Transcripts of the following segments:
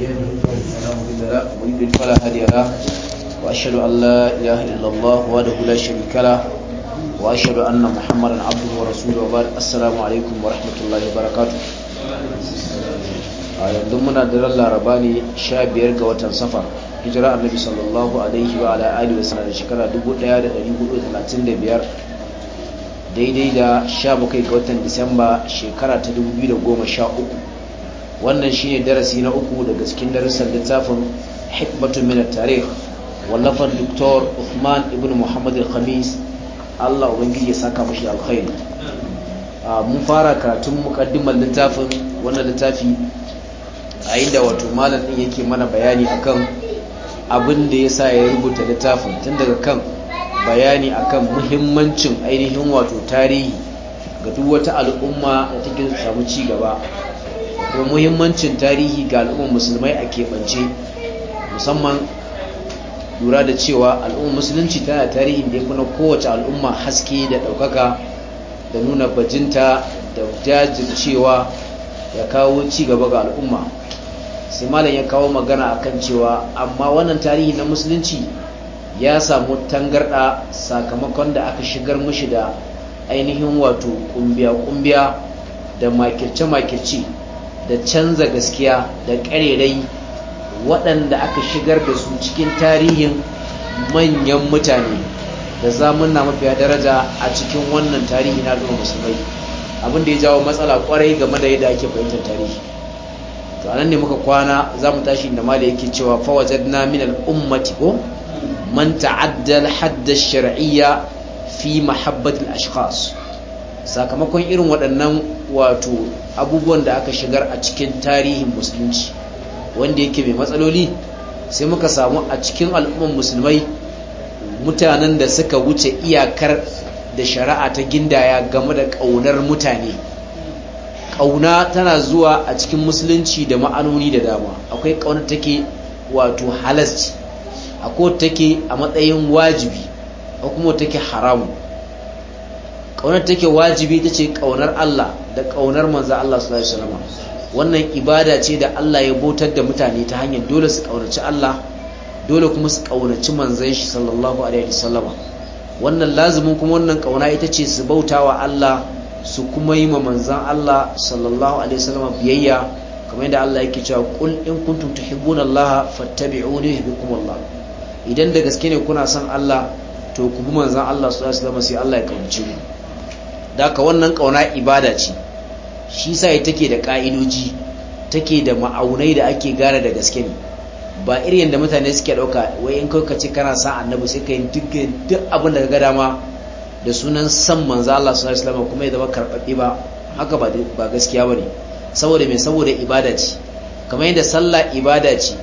يهده فلا مضل له ومن يضلل فلا هادي لا اله الا الله وحده لا شريك له واشهد ان محمدا عبده ورسوله وبارك السلام عليكم ورحمه الله وبركاته a yanzu muna daren laraba ne sha biyar ga watan safar hijira annabi sallallahu alaihi wa ala alihi wa sallam da shekara 1435 daidai da 17 ga watan disamba shekara ta uku? wannan shine darasi na uku daga cikin darussan littafin hikmatun min tarikh wallafan Dr. Uthman ibn Muhammad al-Khamis Allah ubangiji ya saka mashi alkhairi mun fara karatun mukaddimar littafin wannan littafi a inda wato malam din yake mana bayani akan abin da sa ya rubuta littafin tun daga kan bayani akan muhimmancin ainihin wato tarihi ga duk wata al'umma da take samu ci gaba ko muhimmancin tarihi ga al'ummar musulmai a keɓance musamman lura da cewa al'ummar musulunci tana tarihi da ya kuna kowace al'umma haske da ɗaukaka da nuna bajinta da jajircewa ya kawo ci gaba ga al'umma sai malam ya kawo magana akan cewa amma wannan tarihi na musulunci ya samu tangarɗa sakamakon da aka shigar mushi da ainihin wato kumbiya-kumbiya da makirce-makirce da canza gaskiya da ƙarerai waɗanda aka shigar da su cikin tarihin manyan mutane da zamunna mafiya daraja a cikin wannan tarihi na al'ummar musulmai abin da ya jawo matsala kwarai game da yadda ake fahimtar tarihi to anan ne muka kwana za mu tashi da mali yake cewa fawajadna min al'ummati ko man ta'adda al-hadd shariyya fi mahabbati al-ashkhas sakamakon irin waɗannan wato abubuwan da aka shigar a cikin tarihin musulunci wanda yake mai matsaloli sai muka samu a cikin al'umman musulmai mutanen da suka wuce iyakar da shari'a ta gindaya game da ƙaunar mutane ƙauna tana zuwa a cikin musulunci da ma'anoni da dama akwai ƙaunar take wato halasci akwai take a matsayin wajibi a kuma take haramu ƙaunar take wajibi ta ce ƙaunar Allah da ƙaunar manzan Allah su salama wannan ibada ce da Allah ya bautar da mutane ta hanyar dole su ƙaunaci Allah dole kuma su ƙaunaci manzan shi sallallahu alaihi wasallama wannan lazumin kuma wannan ƙauna ita ce su bauta wa Allah su kuma yi ma manzan Allah sallallahu alaihi wasallama biyayya kamar yadda Allah yake cewa qul in kuntum tuhibbuna Allah fattabi'uni yuhibbukum Allah idan da gaske ne kuna son Allah to ku bi manzan Allah sallallahu alaihi wasallama sai Allah ya kauce ku da wannan ƙauna ibada ce shi sa take da ƙa'idoji take da ma'aunai da ake gane da gaske ne ba irin da mutane suke ɗauka wai in kai kace kana san annabi sai ka yi duk abin da ga dama da sunan san manzo Allah sallallahu alaihi wasallam kuma ya zama karɓaɓɓe ba haka ba gaskiya bane saboda me saboda ibada ce kamar yadda sallah ibada ce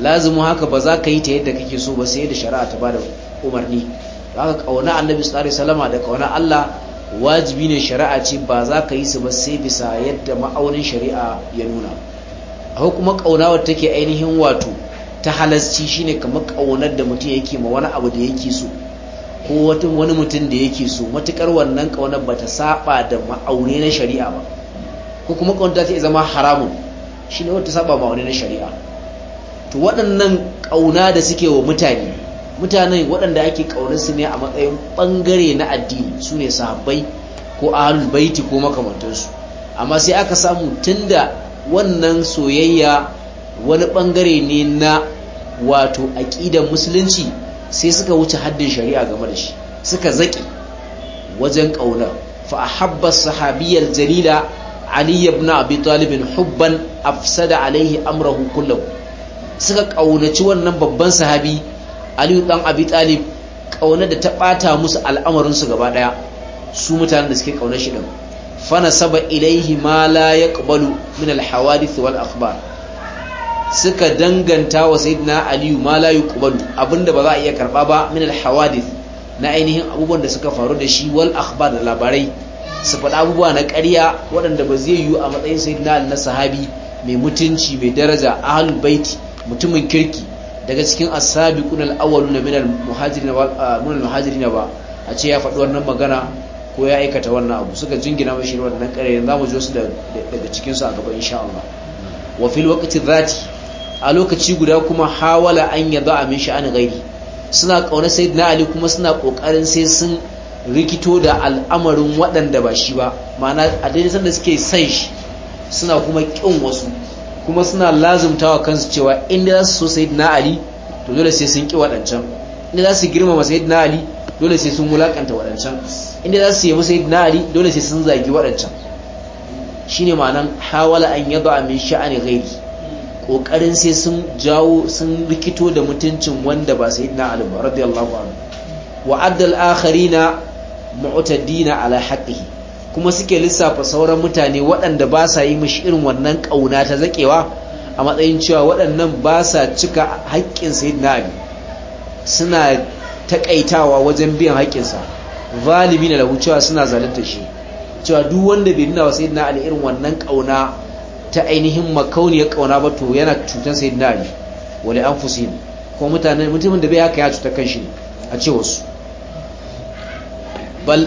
lazimu haka ba za ka yi ta yadda kake so ba sai da shari'a ta bada umarni haka kauna annabi sallallahu alaihi wasallam da kauna Allah wajibi ne shari'a ce ba za ka yi su ba sai bisa yadda ma'aunin shari'a ya nuna akwai kuma ƙauna wadda take ainihin wato ta halasci shine kamar ƙaunar da mutum yake ma wani abu da yake so ko wani mutum da yake so matukar wannan ƙaunar ba ta saba da ma'aunin na shari'a ba ko kuma ƙaunar ta zama haramun shine wadda ta saba ma'aunin na shari'a to waɗannan ƙauna da suke wa mutane mutanen waɗanda ake su ne a matsayin ɓangare na addini su ne sahabbai ko ahalul baiti ko makamantansu amma sai aka samu tunda wannan soyayya wani ɓangare ne na wato aƙidan musulunci sai suka wuce haddin shari'a game da shi suka zaƙi wajen ƙaunar. fa habba sahabiyar jalila ali ibn abi talibin hubban afsada alaihi amrahu kullum, suka ƙaunaci wannan babban sahabi aliyu dan abi talib kauna da ta bata musu al'amarin su gaba daya su mutanen da suke kauna shi din fana saba ilaihi ma la yaqbalu min al hawadith wal akhbar suka danganta wa sayyidina aliyu ma la yuqbalu abinda ba za a iya karba ba min al hawadith na ainihin abubuwan da suka faru da shi wal akhbar da labarai su faɗa abubuwa na ƙarya waɗanda ba zai yiwu a matsayin sayyidina na sahabi mai mutunci mai daraja ahlul baiti mutumin kirki daga cikin asabi kunal al na min muhajiri ah, na ba a ce ya faɗi wannan magana ko ya aikata wannan abu suka jingina mashi nan kare za mu ji su daga cikinsu a gaba insha Allah wa fil waqti dhati a lokaci guda kuma hawala an a min sha'ani gairi suna kauna sayyidina ali kuma suna kokarin sai sun rikito da al'amarin waɗanda ba shi ba ma'ana a daidai sanda suke san shi suna kuma kin wasu kuma suna lazumtawa kansu cewa inda za su so na ali to dole sai sun ki waɗancan inda za su girmama na ali dole sai sun mulakanta waɗancan inda za su yabi na ali dole sai sun zagi waɗancan shine ma'anan hawala an yaba min sha'ani gairi. Ƙoƙarin sai sun jawo sun rikito da mutuncin wanda ba na ali ba radiyallahu anhu wa addal akharina mu'tadina ala haqqihi kuma suke lissafa sauran mutane waɗanda ba sa yi mishi irin wannan ƙauna ta zaƙewa a matsayin cewa waɗannan ba sa cika haƙƙin sayyidina abi suna taƙaitawa wajen biyan haƙƙinsa zalimi na lahu cewa suna zalunta shi cewa duk wanda bai nuna wa sayyidina ali irin wannan ƙauna ta ainihin makauniyar ƙauna ba to yana cutar abi wale an anfusihim ko mutane mutumin da bai haka ya cuta kanshi ne a ce wasu bal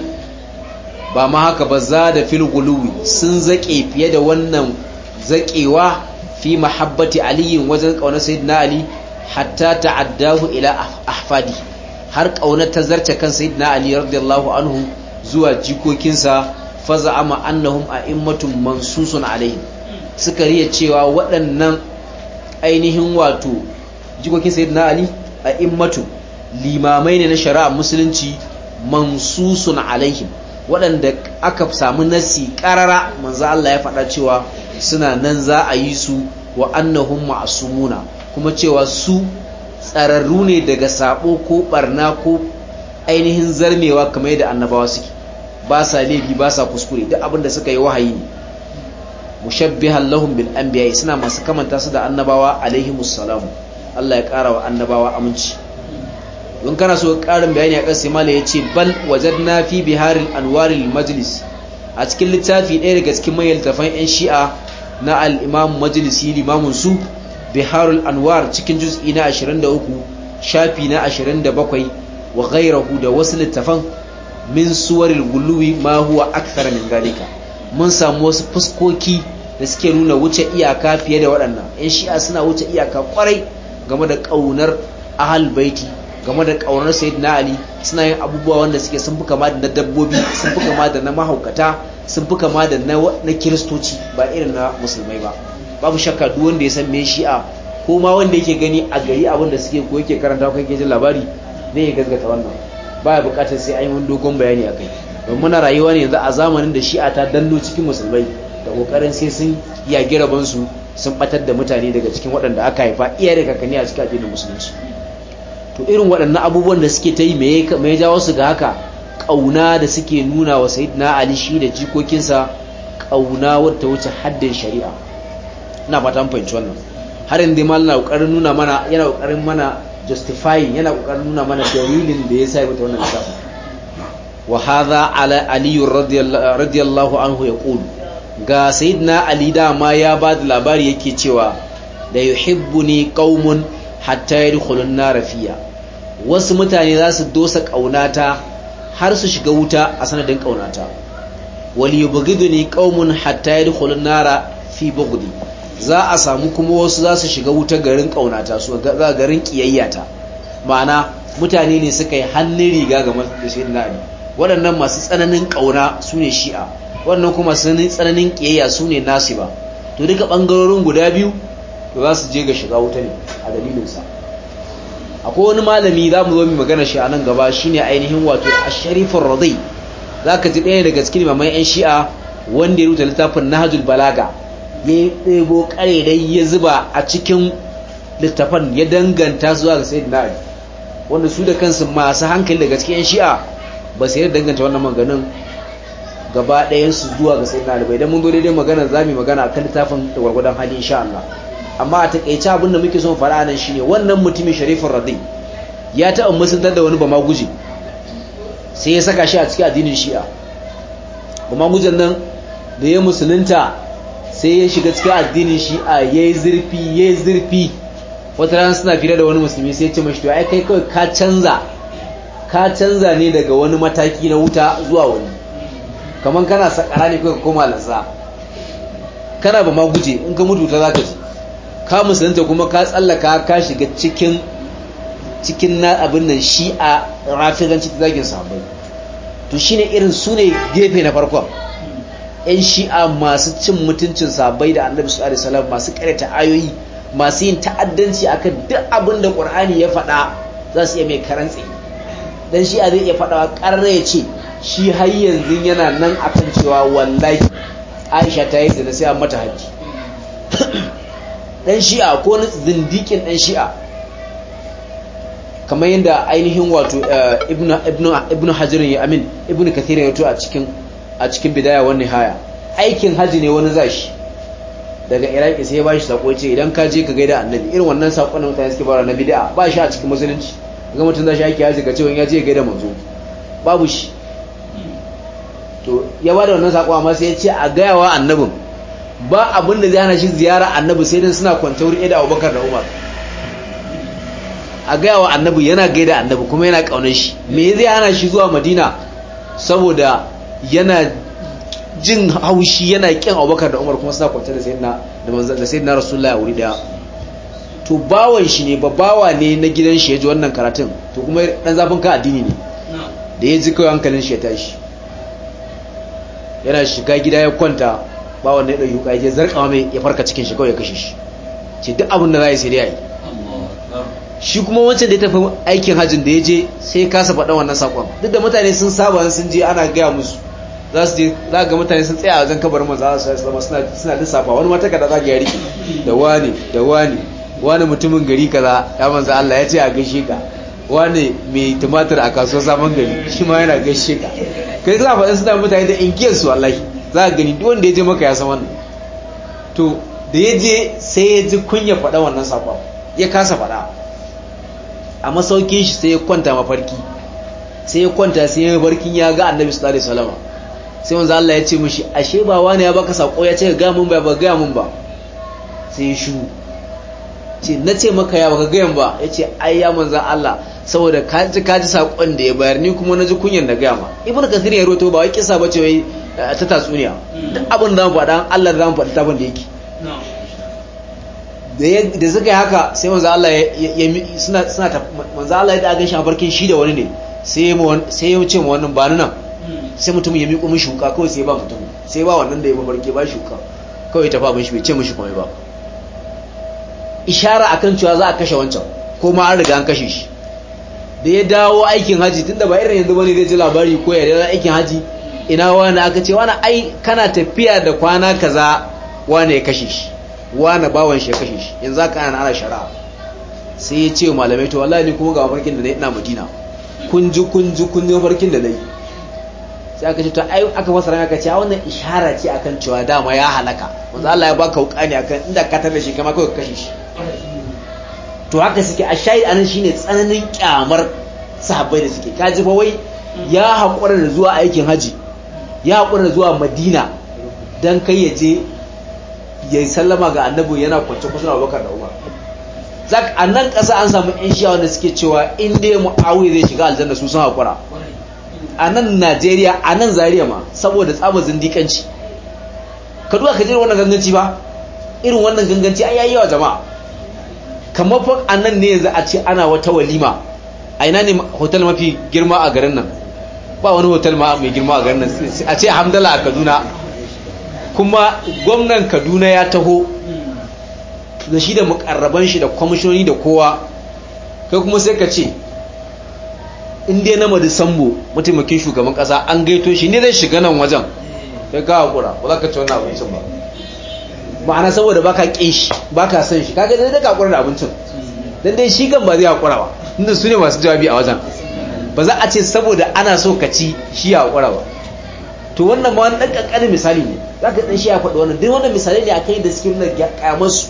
ba ma haka ba za da fil sun zaƙe fiye da wannan zaƙewa fi mahabbati aliyin wajen ƙaunar sayyidina ali hatta ta'addahu ila ahfadi har ƙaunar ta zarce kan sayyidina ali radiyallahu anhu zuwa jikokinsa faza'ama annahum a'immatun mansusun alaihim suka riya cewa waɗannan ainihin wato jikokin sayyidina ali immatun limamai ne na shari'a musulunci mansusun alaihim waɗanda aka samu nasi ƙarara manzo Allah ya faɗa cewa suna nan za a yi su wa annahum ma'sumuna kuma cewa su tsararru ne daga sabo ko barna ko ainihin zarmewa kamar yadda annabawa suke ba sa laifi ba sa kuskure duk abinda suka yi wahayi ne mushabbihan lahum bil anbiya suna masu kamanta su da annabawa alaihimus salam Allah ya ƙara wa annabawa aminci don kana so karin bayani a ƙasa mala ya ce bal na fi biharin anwaril majalis a cikin littafi ɗaya daga cikin manyan littafan 'yan shi'a na al'imam majalisi limamin su biharul anwar cikin juz'i na 23 shafi na 27 wa ghairahu da wasu littafan min suwarin guluwi ma huwa min zalika mun samu wasu fuskoki da suke nuna wuce iyaka fiye da waɗannan 'yan shi'a suna wuce iyaka kwarai game da ƙaunar ahal baiti game da ƙaunar na ali suna yin abubuwa wanda suke sun fi kama da na dabbobi sun fi kama da na mahaukata sun fi kama da na kiristoci ba irin na musulmai ba babu shakka duk wanda ya san me shi'a ko ma wanda yake gani a gari abin da suke ko yake karanta ko yake jin labari zai ya gazgata wannan Ba ya bukatar sai an yi wani dogon bayani akai don muna rayuwa ne yanzu a zamanin da shi'a ta danno cikin musulmai da kokarin sai sun yagi su sun batar da mutane daga cikin waɗanda aka haifa iyaye da kakanni a cikin addinin musulunci to irin waɗannan abubuwan da suke ta yi mai jawo su ga haka ƙauna da suke nuna wa na ali shi da jikokinsa ƙauna wata wuce haddin shari'a ina fatan fahimci wannan har yanzu mal ƙoƙarin nuna mana yana ƙoƙarin mana justifying yana ƙoƙarin nuna mana dalilin da ya sa mata wannan lissafin wa hadha ala ali radiyallahu anhu ya yaqulu ga sayyidina ali dama ya ba da labari yake cewa da yuhibbuni qaumun hatta yadkhulun nar fiya wasu mutane za su dosa ƙaunata har su shiga wuta a sanadin ƙaunata wal ne qaumun hatta yadkhulun nar fi bughdi za a samu kuma wasu za su shiga wuta garin ƙaunata su ga garin ƙiyayyata ma'ana mutane ne suka yi hannun riga ga masjidin Ali waɗannan masu tsananin ƙauna su ne shi'a waɗannan kuma tsananin ƙiyayya su ne nasiba to duka ɓangarorin guda biyu to za su je ga shiga wuta ne a dalilinsa akwai wani malami za mu zo mu magana shi a nan gaba shine ainihin wato asharifin radai za ka ji ɗaya daga cikin mamman 'yan shi'a wanda ya rubuta littafin nahajul balaga ya ɗebo ƙarerai ya zuba a cikin littafan ya danganta zuwa ga sayyidina ali wanda su da kansu masu hankali daga cikin 'yan shi'a ba su yarda danganta wannan maganin gaba su zuwa ga sayyidina ali bai dan mun zo daidai magana za mu magana akan littafin da gwargwadon hali insha Allah amma a takaice abinda muke son fara nan shine wannan mutumin sharifin radin ya taɓa musuntar da wani ba sai ya saka shi a cikin addinin shi'a ba nan da ya musulunta sai ya shiga cikin addinin shi'a ya yi zurfi ya yi zurfi wata rana suna fira da wani musulmi sai ya ce mashi to ai kai kawai ka canza ka canza ne daga wani mataki na wuta zuwa wani kamar kana sakara ne kuka koma lasa kana ba maguje in ka mutu ta za ka ci. ka musulunta kuma ka tsallaka ka shiga cikin cikin na abin nan shi'a rafiranci ta zagin sahabbai to shine irin sune gefe na farkon yan shi'a masu cin mutuncin sabai da annabi sallallahu alaihi wasallam masu karyata ayoyi masu yin ta'addanci akan duk abin da qur'ani ya faɗa za su iya mai karantsi dan shi'a zai iya faɗawa ƙarra ya ce shi har yanzu yana nan akan cewa wallahi aisha ta yi da sai an mata haji dan shi'a ko na zindikin dan shi'a kamar yadda ainihin wato eh, ibn hajjirin ya amin ibn kathirin ya to a cikin bidaya wani haya aikin haji ne wani zashi daga iraki sai ba shi saƙo ce idan ka je ka gaida annabi irin wannan saƙo na mutane suke bara na bid'a ba shi a cikin musulunci ga mutum zashi aiki haji ka ce wani ya je gaida manzo babu shi to ya ba da wannan saƙo amma sai ya ce a gayawa annabin ba abin da zai hana shi ziyara annabi sai dai suna kwanta wuri da abubakar da umar a gaya wa annabi yana gaida annabi kuma yana ƙaunar shi me zai hana shi zuwa madina saboda yana jin haushi yana ƙin abubakar da umar kuma suna kwanta da sayyidina da manzan da sayyidina rasulullahi wuri da to bawan shi ne babawa ne na gidan shi ya ji wannan karatun to kuma dan zafin ka addini ne da ya ji kawai hankalin shi ya tashi yana shiga gida ya kwanta ba wanda ya ɗauki wuka ya zarkawa mai ya farka cikin shi kawai ya kashe shi ce duk abin da za a yi sai dai shi kuma wancan da ya tafi aikin hajjin da ya je sai kasa faɗa wannan saƙon duk da mutane sun saba sun je ana gaya musu za su je za ga mutane sun tsaya a wajen kabarin manzo za su zama suna safa wani mata kada za ga yari da wani da wani wani mutumin gari kaza ya manzo Allah ya ce a gaishe ka wani mai tumatir a kasuwar sabon gari shi ma yana gaishe ka kai za a faɗin suna mutane da inkiyar su wallahi za a gani wanda ya je maka ya saman to da ya je sai ya ji kunya faɗa wannan saƙon ya kasa faɗa a masaukin shi sai ya kwanta mafarki sai ya kwanta sai ya mafarkin ya ga annabi su ɗari salama sai wanzu Allah ya ce mishi ashe ba wani ya baka saƙo ya ce ga mun ba ba gaya mun ba sai ya shu ce na ce maka ya baka gaya ba ya ce ai ya manza Allah saboda ka ji da ya bayar ni kuma na ji kunyan da gaya ma ibnu kathir ya roto ba wai kisa ce wai Eh, ta tatsuniya duk abin da mu faɗa Allah za mu faɗi tafin da yake da suka yi haka sai manzo Allah ya suna suna manzo Allah ya daga shi a barkin shi da wani ne sai mu sai ya ce mu wannan ba nan sai mutum ya miƙo mishi shuka kawai sai ba mutum sai ba wannan da ya barke ba shuka kawai ta fa mishi bai ce mishi komai ba ishara akan cewa za a kashe wancan ko ma an riga an kashe shi da ya dawo aikin haji tunda ba irin yanzu bane zai ji labari ko ya dawo aikin haji ina wani aka ce wani ai kana tafiya da kwana kaza wani ya kashe shi wani bawon shi ya kashe shi yanzu aka ana ana shari'a sai ya ce malamai to wallahi ni kuma ga mafarkin da na yi ina madina kun ji kun ji kun mafarkin da na yi sai aka ce to ai aka fasa rana aka ce wannan ishara ce akan cewa dama ya halaka wanzu Allah ya baka hukani akan inda ka tabe shi kama kawai ka kashe shi to haka suke a shayi anan shine tsananin kyamar sahabbai da suke kaji fa wai ya haƙura da zuwa aikin haji ya haƙura zuwa madina don kai ya je ya yi sallama ga annabi yana kwance kusa na abokan da umar a nan ƙasa an samu 'yan shiya wanda suke cewa inda ya mu'awi zai shiga aljanna su sun haƙura a nan najeriya a nan zariya ma saboda tsabar zindikanci ka duka ka jira wannan ganganci ba irin wannan ganganci a yayi yawa jama'a kamar fa a nan ne yanzu a ce ana wata walima a ina ne hotel mafi girma a garin nan ba wani hotel ma mai girma a garin a ce hamdala a kaduna kuma gwamnan kaduna ya taho da shi da makarraban shi da kwamishoni da kowa kai kuma sai ka ce inda na sambo mataimakin shugaban kasa an gaito shi ne zai shiga nan wajen ya gawa kura ba za ka ci wani abincin ba ma'ana saboda ba ka ƙin shi ka san shi kaga dai da kura da abincin don dai shi kan ba zai hakura ba inda su ne masu jawabi a wajen ba za a ce saboda ana so ka ci shi ya kura ba to wannan ma wani ɗan misali ne za ka ɗan shi ya faɗi wannan duk wannan misali ne a akai da suke nuna kyamarsu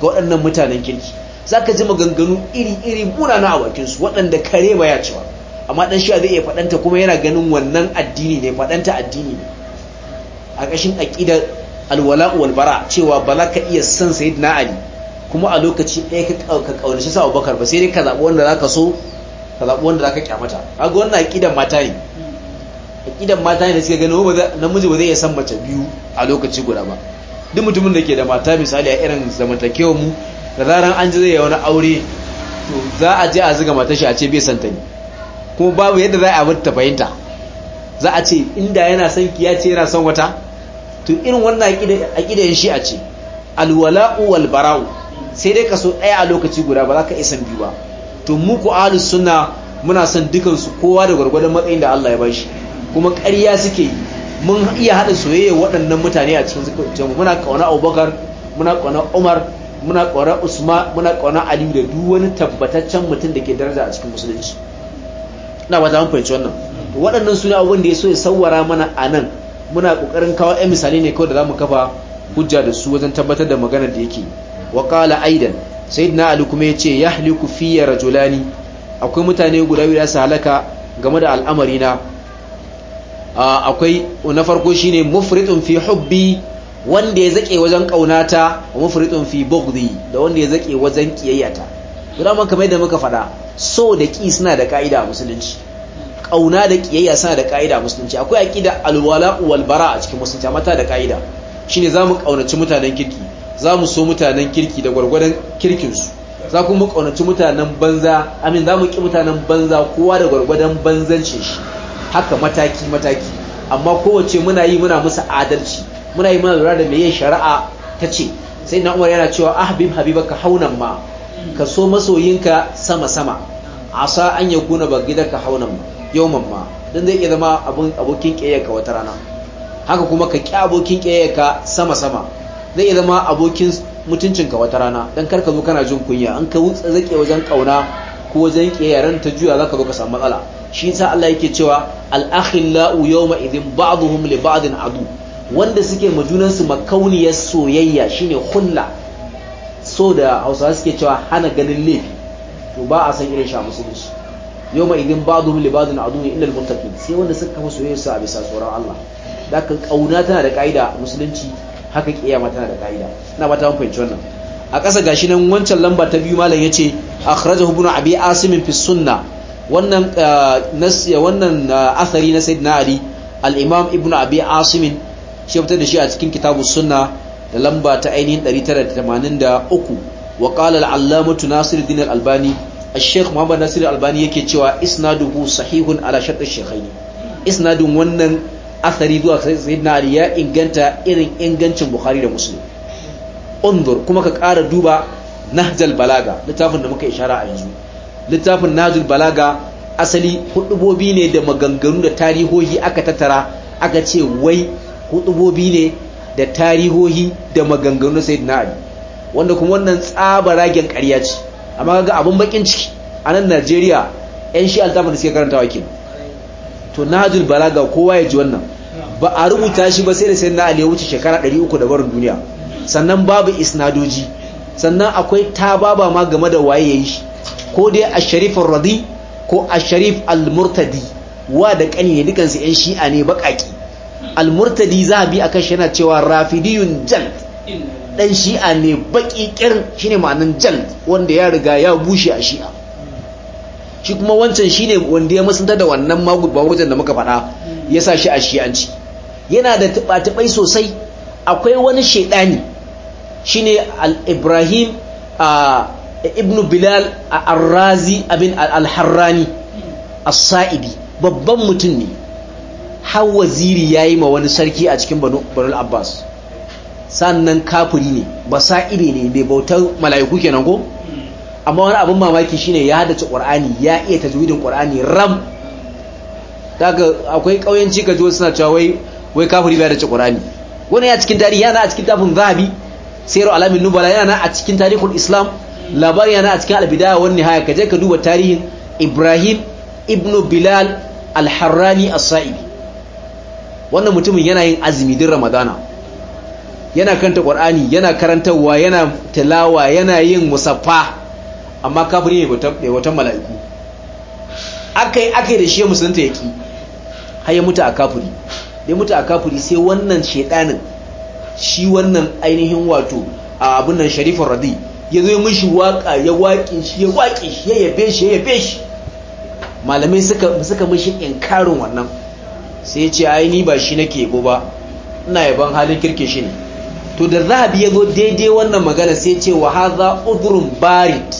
ga waɗannan mutanen kirki za ka ji maganganu iri-iri muna a bakinsu waɗanda kare ba ya cewa amma ɗan shi zai iya faɗanta kuma yana ganin wannan addini ne faɗanta addini ne a ƙashin aƙidar alwala walbara cewa ba za ka iya son sayid ali kuma a lokaci ɗaya ka ƙaunaci sa abubakar ba sai dai ka zaɓi wanda za ka so ka zaɓi wanda za ka kyamata a wannan aƙidan mata ne aƙidan mata ne da suke gani namiji ba zai iya san mace biyu a lokaci guda ba duk mutumin da ke da mata misali a irin zamantakewar mu da zaran an ji zai yi wani aure to za a je a mata shi a ce bai santa ne kuma babu yadda za a bi ta fahimta za a ce inda yana son ki ya ce yana son wata to irin wannan aƙidan shi a ce alwala'u wal bara'u sai dai ka so ɗaya a lokaci guda ba za ka isan biyu ba to mu ku ahlus sunna muna son dukan kowa da gwargwadon matsayin da Allah ya bashi kuma ƙarya suke mun iya hada soyayya waɗannan mutane a cikin muna kauna Abubakar muna kauna Umar muna kauna Usman muna kauna Ali da duk wani tabbataccen mutum da ke daraja a cikin musulunci ina ba ta mun fahimci wannan waɗannan suna ne abubuwan da ya so ya sauwara mana a nan muna ƙoƙarin kawo ɗan misali ne kawai da za mu kafa hujja da su wajen tabbatar da maganar da yake wa aidan sayyidina ali kuma ya haliku fiya rajulani akwai mutane guda biyu da su halaka game da al'amari na akwai na farko shine mufritun fi hubbi wanda ya zake wajen kaunata wa mufritun fi bughdi da wanda ya zake wajen ta. guda man kamar yadda muka faɗa so da ki suna da ka'ida a musulunci kauna da kiyayya suna da ka'ida a musulunci akwai aqida alwala wal bara a cikin musulunci amma ta da ka'ida shine zamu kaunaci mutanen kirki za mu so mutanen kirki da gwargwadon kirkinsu za kuma ƙaunaci mutanen banza amin za mu ƙi mutanen banza kowa da gwargwadon banzancin shi haka mataki-mataki amma kowace muna yi muna musu adalci muna yi muna lura da mai yin shari'a ta ce sai na umar yana cewa ah habiba ka haunan ma ka so masoyinka sama-sama asa an ya kuna ba ka haunan ma Yau ma don zai iya zama abokin ƙiyayyarka wata rana haka kuma ka ƙi abokin ƙiyayyarka sama-sama zai zama abokin mutuncinka wata rana don karka zo kana jin kunya an ka wutsa zake wajen kauna ko wajen kiyaran ta juya zaka zo ka samu matsala shi yasa Allah yake cewa al-akhillau yawma idhin ba'dhum li ba'din adu wanda suke majunan su makauniyar soyayya shine hulla so da Hausawa suke cewa hana ganin laifi to ba a san irin sha musulunci yawma idhin ba'dhum li ba'din adu al muttaqin sai wanda suka kafa soyayya su a bisa tsoron Allah da kan kauna tana da kaida musulunci haka kiyama tana da ka'ida ina ba ta fahimci wannan a ƙasa gashi nan wancan lamba ta biyu malam yace akhrajahu ibn abi asim fi sunna wannan eh, eh, wannan eh, athari na sayyidina ali al-imam ibn abi asim shi fitar da shi a cikin kitabu sunna da lamba ta ainihin 983 wa qala al-allamatu nasiruddin al-albani al-sheikh muhammad nasir al-albani yake cewa isnaduhu sahihun ala shart al-shaykhaini isnadun wannan asari zuwa sayyidina ali ya inganta irin ingancin bukhari da muslim unzur kuma ka ƙara duba nahjal balaga littafin da muka ishara a yanzu littafin nahjal balaga asali hudubobi ne da maganganu da tarihohi aka tattara aka ce wai hudubobi ne da tarihohi da maganganu sayyidina ali wanda kuma wannan tsaba ragen ƙarya ce amma ga abin bakin ciki a nan najeriya 'yan shi altafin da suke karantawa kenan to Nahjal balaga kowa ya ji wannan ba a rubuta shi ba sai da sai na ali ya wuce shekara 300 da barin duniya sannan babu isnadoji sannan akwai ta-baba ma game da waye yayi shi ko dai a sharif ar-radi ko asharif sharif al-murtadi wa da kani ne dukan su yan shi'a ne bakaki al-murtadi bi akan shi yana cewa rafidiyun jan dan shi'a ne baki kir shine ma'anan jan wanda ya riga ya bushe a shi'a shi kuma wancan shine wanda ya musanta da wannan wajen da muka faɗa Yasa shi a shi'anci yana da tuɓa sosai akwai wani shaidani shine al-ibrahim ibnu bilal al-razi abin al-harrani as-sa'idi babban mutum ne har waziri ya yi ma wani sarki a cikin banu abbas sannan kafuri ne ba sa'ire ne bai bautar mala'iku kenan ko amma wani abin mamaki shine ya ci qur'ani ya iya tajwidin qur'ani ram daga akwai kauyanci kaji suna cewa wai wai kafuri bai da ci qur'ani wani ya cikin tarihi yana a cikin tafin zahabi sayru alamin nubala yana a cikin tarihul islam labari yana a cikin albidaya wani haya kaje ka duba tarihin ibrahim ibnu bilal al-harrani as saidi wannan mutumin yana yin azumi din ramadana yana kanta qur'ani yana karantawa yana tilawa yana yin musaffa amma kafiri bai wata mala'iku akai akai da shi musulunta yaki har ya mutu a kafiri da mutu a kafiri sai wannan shaidanin shi wannan ainihin wato a abin nan sharifin radi ya zo mishi waka ya waƙe shi ya waƙe shi ya yabe shi ya yabe shi malamai suka suka mishi inkarin wannan sai ya ce ai ni ba shi nake yabo ba ina yaban halin kirke shi ne to da zahabi ya zo daidai wannan magana sai ya ce wa hadha udhrun barid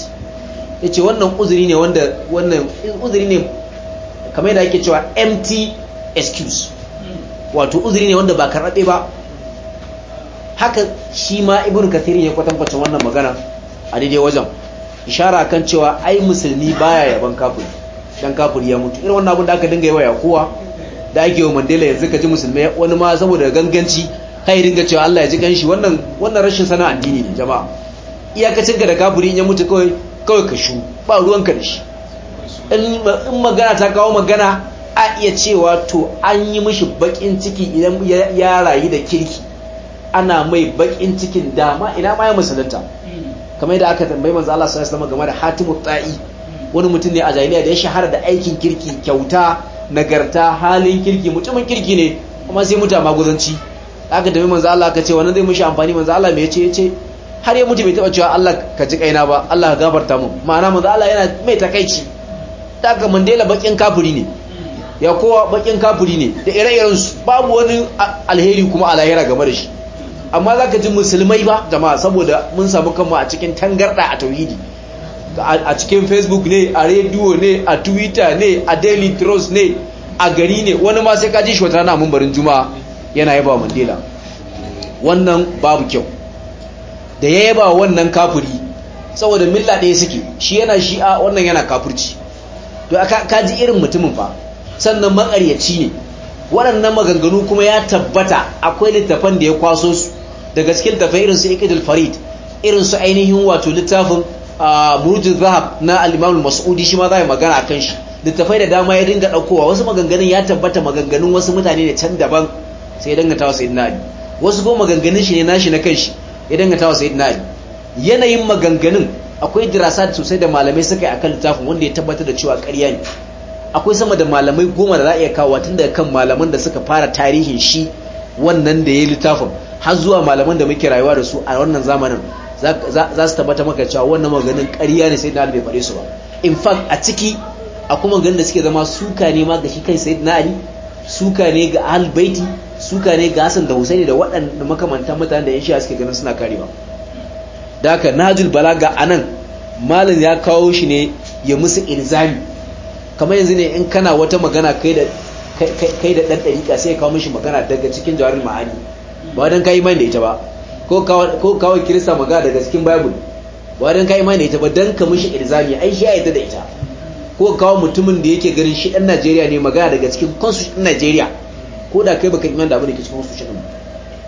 ya ce wannan uzuri ne wanda wannan uzuri ne kamar yadda ake cewa empty excuse wato uzuri ne wanda ba karɓe ba haka shi ma ibnu kathiri ya kwatankwacin wannan magana a daidai wajen ishara kan cewa ai musulmi baya yaban kafiri dan kafiri ya mutu irin wannan abin da aka dinga yawa kowa da ake wa mandela yanzu ka ji musulmi wani ma saboda ganganci kai dinga cewa Allah ya ji shi wannan wannan rashin sana addini ne jama'a iyakacin ka da kafiri in ya mutu kawai kawai ka shu ba ruwan ka da shi in magana ta kawo magana a iya cewa to an yi mishi bakin ciki idan ya rayu da kirki ana mai bakin cikin dama ina ma ya musulunta kamar yadda aka tambayi manzo Allah sallallahu alaihi game da Hatimu Ta'i wani mutum ne a jami'a da ya shahara da aikin kirki kyauta nagarta halin kirki mutumin kirki ne kuma sai muta maguzanci aka tambayi manzo Allah aka ce wannan zai mishi amfani manzo Allah me yace yace har ya mutu bai taba cewa Allah ka ji kaina ba Allah ka gafarta mu ma'ana manzo Allah yana mai takaici daga Mandela bakin kafiri ne ya kowa bakin kafiri ne da ire-iren su babu wani alheri kuma alahira game da shi amma za ka ji musulmai ba jama'a saboda mun samu kanmu a cikin tangarda a tauhidi a cikin facebook ne a rediyo ne a twitter ne a daily trust ne a gari ne wani ma sai ka ji shi wata rana mun barin juma'a yana yaba wa mandela wannan babu kyau da ya yaba wannan kafiri saboda milla ɗaya suke shi yana shi'a wannan yana kafirci to ka ji irin mutumin fa sannan makaryaci ne waɗannan maganganu kuma ya tabbata akwai littafan da ya kwaso su daga cikin littafan irin su ikidul farid irin su ainihin wato littafin Burjin zahab na alimamul masudi shi ma za magana akan shi littafai da dama ya dinga ɗaukowa wasu maganganun ya tabbata maganganun wasu mutane ne can daban sai ya dangata wa sayyidina ali wasu kuma maganganun shi ne nashi na kanshi ya dangata wa sayyidina ali yanayin maganganun akwai dirasa sosai da malamai suka yi akan littafin wanda ya tabbatar da cewa ƙarya ne akwai sama da malamai goma da za a iya kawo tun daga kan malaman da suka fara tarihin shi wannan da ya yi littafin har zuwa malaman da muke rayuwa da su a wannan zamanin za su tabbata maka cewa wannan maganin ƙarya ne sai na bai fare su ba in fact a ciki akwai maganin da suke zama suka ne ma ga shi kai sayyidina ali suka ne ga albaiti suka ne ga hasan da husaini da waɗanda makamantan mutanen da yan shi'a suke ganin suna karewa da haka najul balaga nan, malam ya kawo shi ne ya musu ilzami kamar yanzu ne in kana wata magana kai da ɗan da dan dariƙa sai kawo mishi magana daga cikin jawarin ma'ani ba ka yi imani da ita ba ko kawo kirista magana daga cikin bible ba ka yi imani da ita ba dan ka mishi ilzami ai shi ya da ita ko kawo mutumin da yake garin shi ɗan Najeriya ne magana daga cikin constitution Najeriya ko da kai baka imani da abin da ke cikin constitution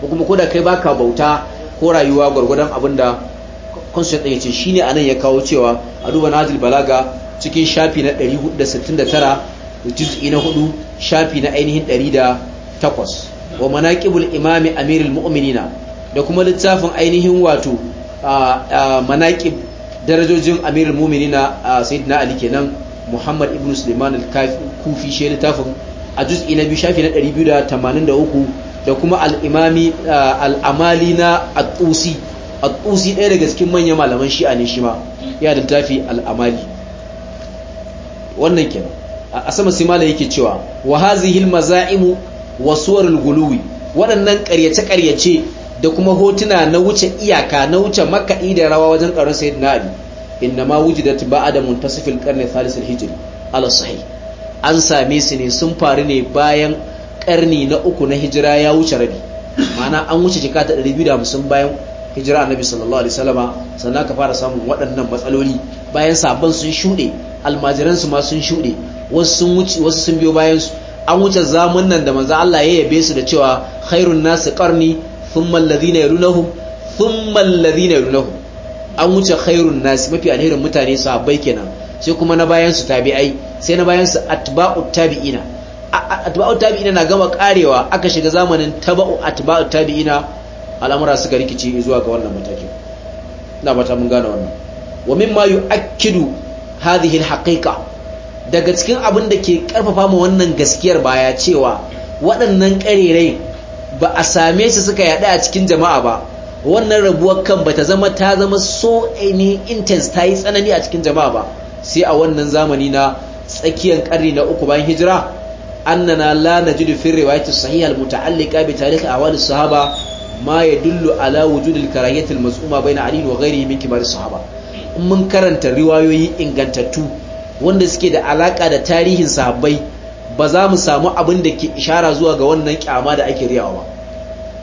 ba kuma ko da kai baka bauta ko rayuwa gwargwadon abin da constitution ɗin ya ce shine anan ya kawo cewa a duba najil balaga cikin shafi na 469 juz'i na 4 shafi na ainihin 108 wa manaqibul imami amirul mu'minina da kuma littafin ainihin wato manaqib darajojin amirul mu'minina sayyidina ali kenan muhammad ibn sulaiman al-kufi shi littafin a juz'i na biyu shafi na 283 da kuma al-imami al-amali na at-tusi at-tusi ɗaya daga cikin manyan malaman shi'a ne shi ma ya da littafi al-amali wannan kenan a sama sai malai yake cewa wa hazihil mazaimu wa suwarul guluwi waɗannan ƙaryace-ƙaryace da kuma hotuna na wuce iyaka na wuce makaɗi da rawa wajen ƙarar sayyidina abi inna ma wujidat ba'da muntasifil qarni thalith al-hijri ala sahih an same su ne sun faru ne bayan ƙarni na uku na hijira ya wuce rabi ma'ana an wuce shekara ta 250 bayan hijira annabi sallallahu alaihi wasallama sannan ka fara samun waɗannan matsaloli bayan sabon sun shuɗe almajiransu ma sun shuɗe wasu sun wuce wasu sun biyo bayan su an wuce zaman nan da manzo Allah ya yabe su da cewa khairun nasu qarni thumma alladhina yalunahum thumma alladhina yalunahum an wuce khairun nasi mafi alherin mutane sahabbai kenan sai kuma na bayan su tabi'ai sai na bayan su atba'u tabi'ina atba'u tabi'ina na gama karewa aka shiga zamanin taba'u atba'u tabi'ina al'amura suka rikice zuwa ga wannan matakin ina bata mun gane wannan wa mimma yu'akkidu hadhihi hakika. daga cikin abin da ke karfafa mu wannan gaskiyar baya cewa waɗannan ƙarerai ba a same su suka yaɗa a cikin jama'a ba wannan rabuwar kan bata zama ta zama so any intense ta yi tsanani a cikin jama'a ba sai a wannan zamani na tsakiyar karni na uku bayan hijira annana la najidu fi riwayati sahih al-muta'alliqa bi tarikh ahwal as-sahaba ma yadullu ala wujud al-karahiyati al-maz'uma bayna ali wa min kibar as-sahaba mun karanta riwayoyi ingantattu wanda suke da alaka da tarihin sahabbai ba za mu samu abin da ke ishara zuwa ga wannan kyama da ake riyawa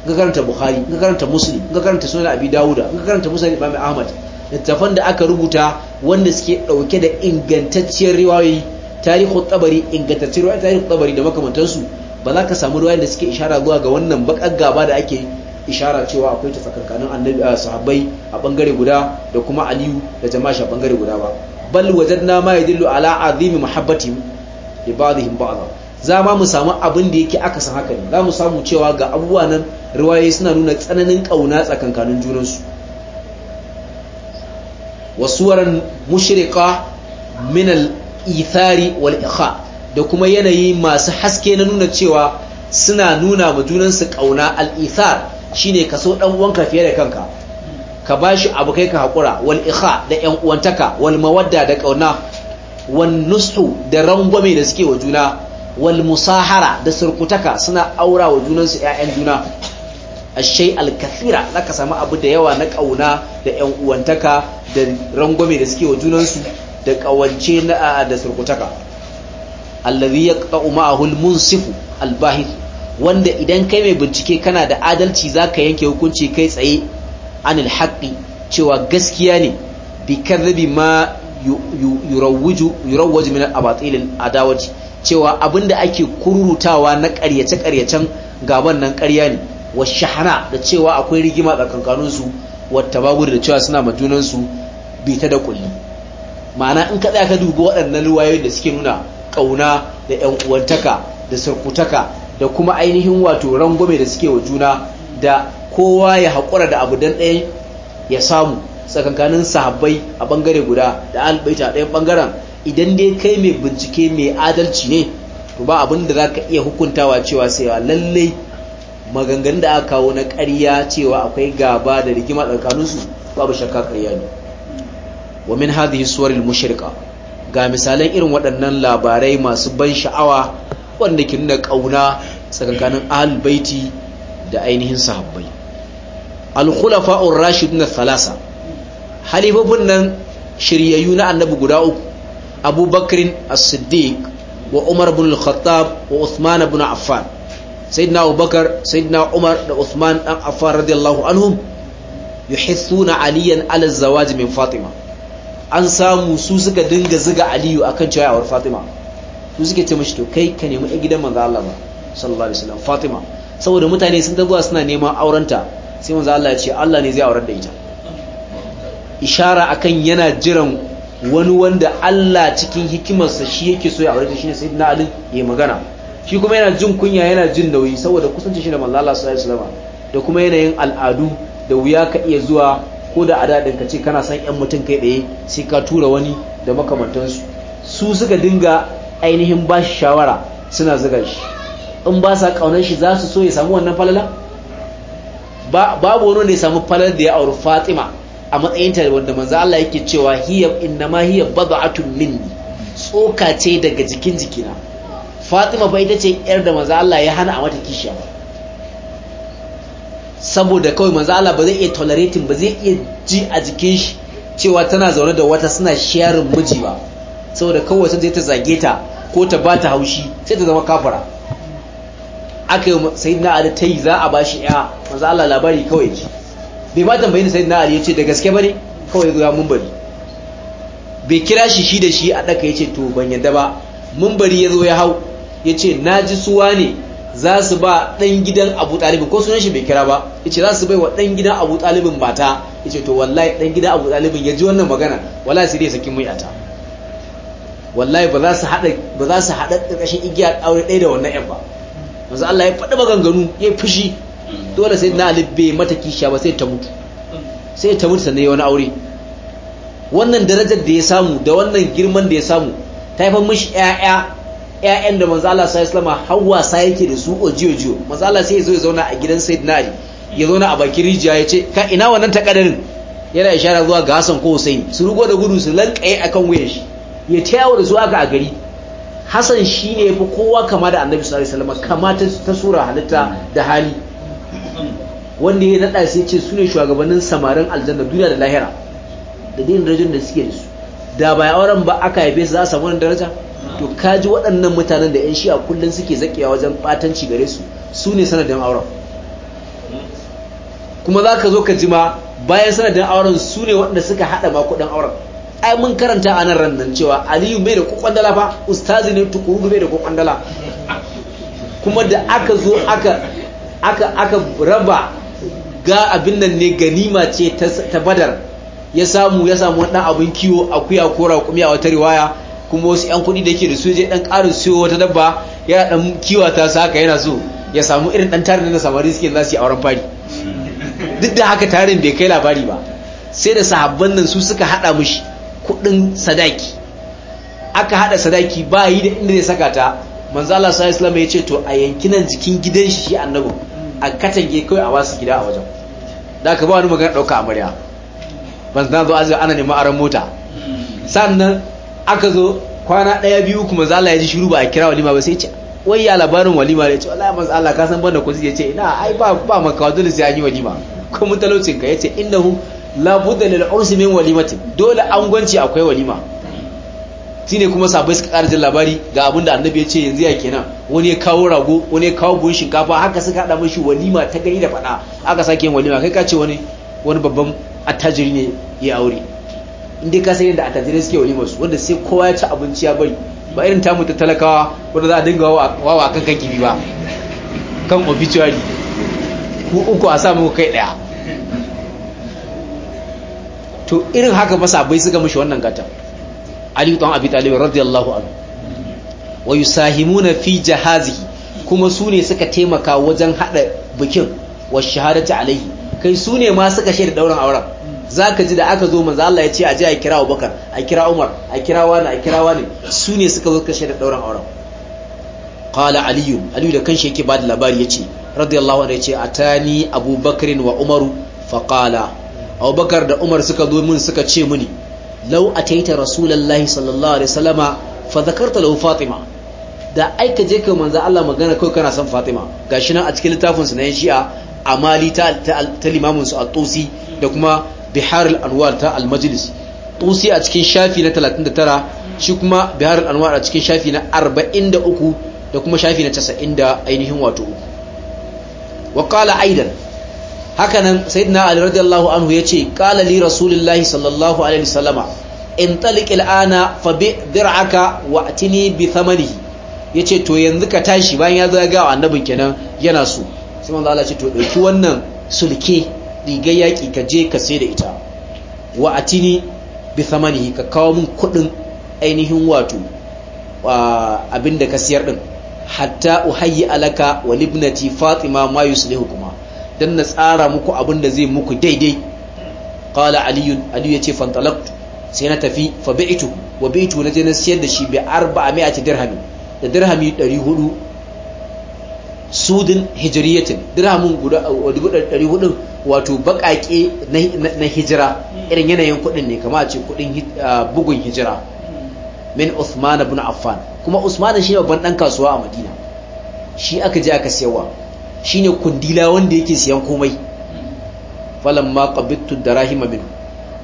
ba ga karanta bukhari ga karanta muslim ga karanta sunan abi dauda, ga karanta Musa imam ahmad littafan da aka rubuta wanda suke dauke da ingantacciyar riwayoyi tarihu tabari ingantacciyar riwayoyi tarihu tabari da makamantansu ba za ka samu riwayoyin da suke ishara zuwa ga wannan bakar gaba da ake ishara cewa akwai ta tsakankanin annabi sahabbai a bangare guda da kuma aliyu da jama'a a bangare guda ba bal wajadna ma yadullu ala azimi muhabbatihim li ba'dihim ba'dha za ma mu samu abin da yake aka san haka ne za mu samu cewa ga abubuwa nan riwaye suna nuna tsananin kauna tsakankanin junansu wasuwaran mushrika min al-ithari wal ikha da kuma yanayi masu haske na nuna cewa suna nuna ma junansu kauna al-ithar shine ka so dan uwanka fiye da kanka ka bashi abu kai ka hakura wal ikha da yan uwantaka wal mawadda da kauna wan nusu da rangwame da suke wa juna wal musahara da surkutaka suna aura wa junansu ƴaƴan juna ashai alkathira zaka samu abu da yawa na kauna da yan uwantaka da rangwame da suke wa junansu da kawance na da surkutaka allazi yaqta'u ma'ahu al-munsif al-bahith wanda idan kai mai bincike kana da adalci za ka yanke hukunci kai tsaye an haqqi cewa gaskiya ne bi kadhibi ma yurawuju yurawwaju min al-abatil cewa abinda ake kururutawa na ƙaryace ƙaryacen gaban nan ƙarya ne wa shahana da cewa akwai rigima tsakankanin su wa tabagur da cewa suna majunan su bi ta da kulli ma'ana in ka tsaya ka dubi waɗannan ruwayoyin da suke nuna ƙauna, da ƴan uwantaka da sarkutaka da kuma ainihin wato rangwame da suke wa juna da kowa ya haƙura da abu dan ɗaya ya samu tsakankanin sahabbai a ɓangare guda da albaita ɗayan ɓangaren idan dai kai mai bincike mai adalci ne to ba abin da za ka iya hukuntawa cewa sai wa lallai maganganun da aka kawo na ƙarya cewa akwai gaba da rigima tsakaninsu babu shakka ƙarya ne wa min hadhihi suwaril mushriqa ga misalan irin waɗannan labarai masu ban sha'awa wanda ke nuna ƙauna tsakankanin ahlul baiti da ainihin sahabbai al-khulafa'ur rashidun thalasa halifofin nan shiryayyu na annabi guda uku abubakar as-siddiq wa umar ibn al-khattab wa uthman ibn affan sayyidina abubakar sayyidina umar da uthman dan affan radiyallahu anhum yuhithuna aliyan ala zawaj min fatima an samu su suka dinga ziga aliyu akan cewa fatima su suke ce mashi to kai ka nemi a gidan manzo Allah ba sallallahu alaihi wasallam Fatima saboda mutane sun zuwa suna neman aurenta sai manzo Allah ya ce Allah ne zai aurar da ita ishara akan yana jiran wani wanda Allah cikin hikimarsa shi yake so ya aure ta shine sayyidina Ali ya magana shi kuma yana jin kunya yana jin nauyi saboda kusanci shi da manzo Allah sallallahu alaihi wasallam da kuma yanayin al'adu da wuya ka iya zuwa ko da a daɗin ka ce kana san 'yan mutum kai ɗaya sai ka tura wani da makamantansu su suka dinga ainihin ba shi shawara suna zuga shi in ba sa kaunar shi za su so ya samu wannan falala babu wani ne samu falal da ya auri fatima a matsayin matsayinta wanda manzo Allah yake cewa hiya innama hiya bad'atun minni tsoka ce daga jikin jikina fatima fa ita ce yar da manzo Allah ya hana a mata kishiya saboda kawai manzo Allah ba zai iya tolerating ba zai iya ji a jikin shi cewa tana zaune da wata suna sharing miji ba saboda kawai sai ta zage ta ko ta ba ta haushi sai ta zama kafara aka yi sayyidina ali ta yi za a ba shi ya manzo Allah labari kawai ji bai ma tambayi ni sayyidina ali yace da gaske bane kawai ya mun bari bai kira shi shi da shi a daka yace to ban yadda ba mun bari yazo ya hau yace naji suwa ne za su ba ɗan gidan abu ɗalibin ko sunan shi bai kira ba ya ce za su bai wa ɗan gidan abu ɗalibin mata ya ce to wallahi ɗan gidan abu ɗalibin ya ji wannan magana wallahi sai dai sakin ta. wallahi ba za su haɗa ba za igiya aure ɗaya da wannan ƴan ba manzo Allah ya faɗi maganganu ya fushi dole sai na alibbe mata kisha ba sai ta mutu sai ta mutu sannan ya wani aure wannan darajar da ya samu da wannan girman da ya samu ta mishi ƴaƴa ƴaƴan da manzo Allah sallallahu alaihi wasallam hawa sa yake da su ojiyojiyo manzo Allah sai ya zo ya zauna a gidan sayyidina Ali ya zauna a bakin rijiya ya ce ka ina wannan takadarin yana ishara zuwa ga Hassan ko Hussein su rugo da gudu su lankaye akan wuyan shi ya ta yawo da su aka a gari Hassan shi ne fi kowa kama da annabi sallallahu alaihi wasallam kama ta sura halitta da hali wanda ya nada sai ce sune shugabannin samarin aljanna duniya da lahira da din rajin da suke da su da bai auren ba aka haife su za su samu wannan daraja to kaji waɗannan mutanen da 'yan a kullun suke zakewa wajen batanci gare su su ne sanadin auren kuma za ka zo ka jima bayan sanadin auren sune waɗanda suka haɗa ma kuɗin auren ai mun karanta a nan rannan cewa aliyu bai da kwakwandala fa ustazi ne tukuru bai da kwakwandala kuma da aka zo aka aka raba ga abin nan ne ganima ce ta badar ya samu ya samu wani abin kiwo a kuya ko kuma a wata riwaya kuma wasu 'yan kuɗi da ke da su je ɗan ƙarin siyo wata dabba yana ɗan ta su haka yana so ya samu irin ɗan tarin na samari suke za su yi auren fari duk da haka tarin bai kai labari ba sai da sahabban nan su suka haɗa mushi kudin sadaki aka hada sadaki ba yi da inda zai saka ta manzo Allah sallallahu alaihi ya ce to a yankinan jikin gidan shi annabi a katange kai a wasu gida a wajen da ka ba wani magana dauka amarya ban zan zo azu ana neman aran mota sannan aka zo kwana daya biyu kuma zala ya ji shiru ba a kira walima ba sai ce wai ya labarin walima ne ce wallahi manzo Allah ka san banda ku sai ce ina ai ba ba makawa dole sai an yi walima ko mutalocin ka ya ce innahu la budda lil ursi min walimatin dole angwanci akwai walima shine kuma sabai suka ƙara jin labari ga abinda annabi ya ce yanzu ya kenan wani ya kawo rago wani ya kawo buhun shinkafa haka suka haɗa mashi walima ta gari da faɗa aka sake yin walima kai ka ce wani wani babban attajiri ne ya aure inda ka san yadda attajirai suke walimar su wanda sai kowa ya ci abinci ya bari ba irin tamu ta talakawa wanda za a dinga wawa kan kan kibi ba kan obituary ku uku a sa muku kai daya to irin haka fa sabai suka mishi wannan gata Ali ibn Abi Talib radiyallahu anhu wa yusahimuna fi jahazihi kuma su ne suka taimaka wajen hada bikin wa shahadati alaihi kai su ne ma suka shaida dauran auren zaka ji da aka zo manzo Allah ya ce a je a kira Abubakar a kira Umar a kira wani a kira wani su ne suka zo suka shaida dauran auren qala ali ali da kanshi yake ba da labari yace radiyallahu anhu yace atani abubakarin wa umaru fa abubakar da umar suka zo min suka ce mini lau a taita rasulallahi sallallahu alaihi wasallama fa zakarta lau fatima da aika je ka manzo Allah magana kai kana son fatima gashi nan a cikin littafin su na shi'a amali ta ta limamin su at-tusi da kuma bihar al-anwar ta al-majlis tusi a cikin shafi na 39 shi kuma bihar al-anwar a cikin shafi na 43 da kuma shafi na 90 da ainihin wato uku wa qala aidan hakanan sayyidina ali radiyallahu anhu yace qala li rasulillahi sallallahu alaihi salama in talik al'ana fa bi dir'aka wa atini bi thamanihi yace to yanzu ka tashi bayan ya zaga wa annabin kenan yana so sai manzo Allah ce to dauki wannan sulke rigar yaki ka je ka sai da ita wa atini bi thamanihi ka kawo min kuɗin ainihin wato abinda ka siyar din hatta uhayyi alaka wa libnati fatima ma yuslihu dan na tsara muku abin da zai muku daidai qala ali ali yace fantalaqtu sai na tafi fa bi'tu wa bi'tu na je na siyar da shi bi 400 dirhami da dirhami 400 sudin hijriyatin dirhamin guda 400 wato bakake na hijira irin yanayin kudin ne kamar a ce kudin bugun hijira min Uthman ibn Affan kuma Uthman shi ne babban dan kasuwa a Madina shi aka je aka siyarwa shine kundila wanda yake siyan komai ma qabittu darahima min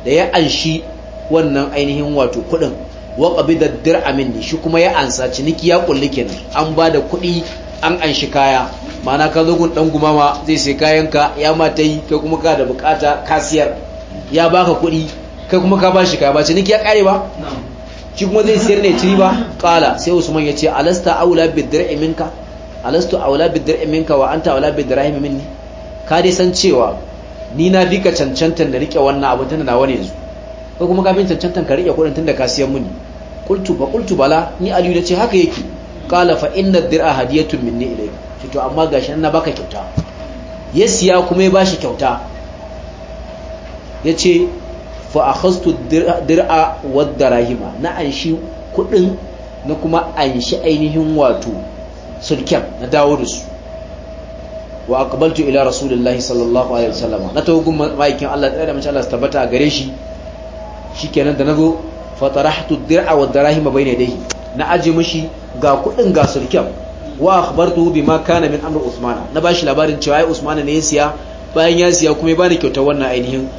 da ya anshi wannan ainihin wato kudin wa qabida dir'a minni shi kuma ya ansa ciniki ya kulli kenan an bada kudi an anshi kaya ma'ana ka zo dan gumama zai sai kayanka ya mata yi kai kuma ka da bukata kasiyar ya baka kudi kai kuma ka bashi kaya ba ciniki ya kare ba shi kuma zai siyar ne ciri ba kala sai usman ya ce alasta aula bid minka alastu aula dir'in minka wa anta aula dirahim minni ka dai san cewa ni na bika ka cancantan da rike wannan abu tunda na wani yanzu ko kuma ka fi cancantan ka rike kuɗin tunda ka siyan muni qultu fa qultu bala ni aliyu ce haka yake qala fa inna dir'a hadiyatun minni ilayka to amma gashi na baka kyauta ya siya kuma ya bashi kyauta yace fa akhastu dir'a wad darahima na anshi kuɗin na kuma anshi ainihin wato sulken na dawo da su wa aqbaltu ila rasulillahi sallallahu alaihi wasallam na tawo gun maikin Allah tsaya da mace Allah tabbata a gare shi shikenan da nazo fatarahtu dir'a wa darahima ne yadayhi na aje mashi ga kuɗin ga sulken wa akhbartuhu bima kana min amr Usman na bashi labarin cewa ai usmana ne ya siya bayan ya siya kuma ya bani kyautar wannan ainihin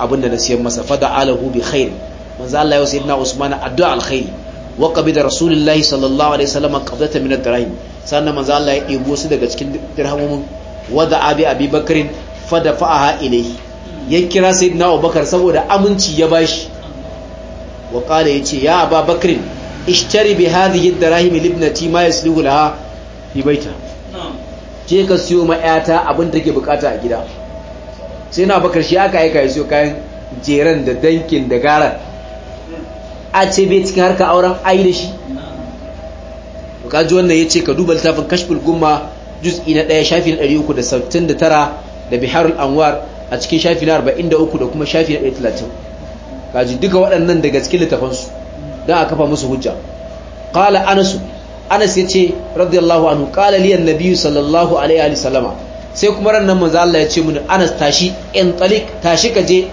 abin da na siyan masa fada alahu bi khair manzo Allah ya sayyidina Usman addu'a alkhairi wa da rasulullahi sallallahu alaihi wasallam qabdata min ad-dirahim sannan manzo Allah ya ɗebo su daga cikin dirhamomin wada abi abi bakrin fadafa'aha ilayhi ya kira sayyidina Abubakar saboda aminci ya bashi wa qala yace ya aba bakrin ishtari bi hadhihi ad-dirahim libnati ma yasluhu laha fi baita je ka siyo ma yata abin da take bukata a gida sai na bakar shi aka aika ya siyo kayan jeran da dankin da garan a ce bai cikin harka auren ayi da shi kaji wannan ya ce ka duba littafin kashful gumma juz'i na ɗaya shafi na ɗari uku da sabtin da tara da biharul anwar a cikin shafi na arba'in da uku da kuma shafi na ɗari talatin kaji duka waɗannan daga cikin littafansu don a kafa musu hujja ƙala anasu anas ya ce radiyallahu anhu ƙala liyan nabiyu sallallahu alaihi wa sallama sai kuma ran nan manzo Allah ya ce mun anas tashi in talik tashi ka je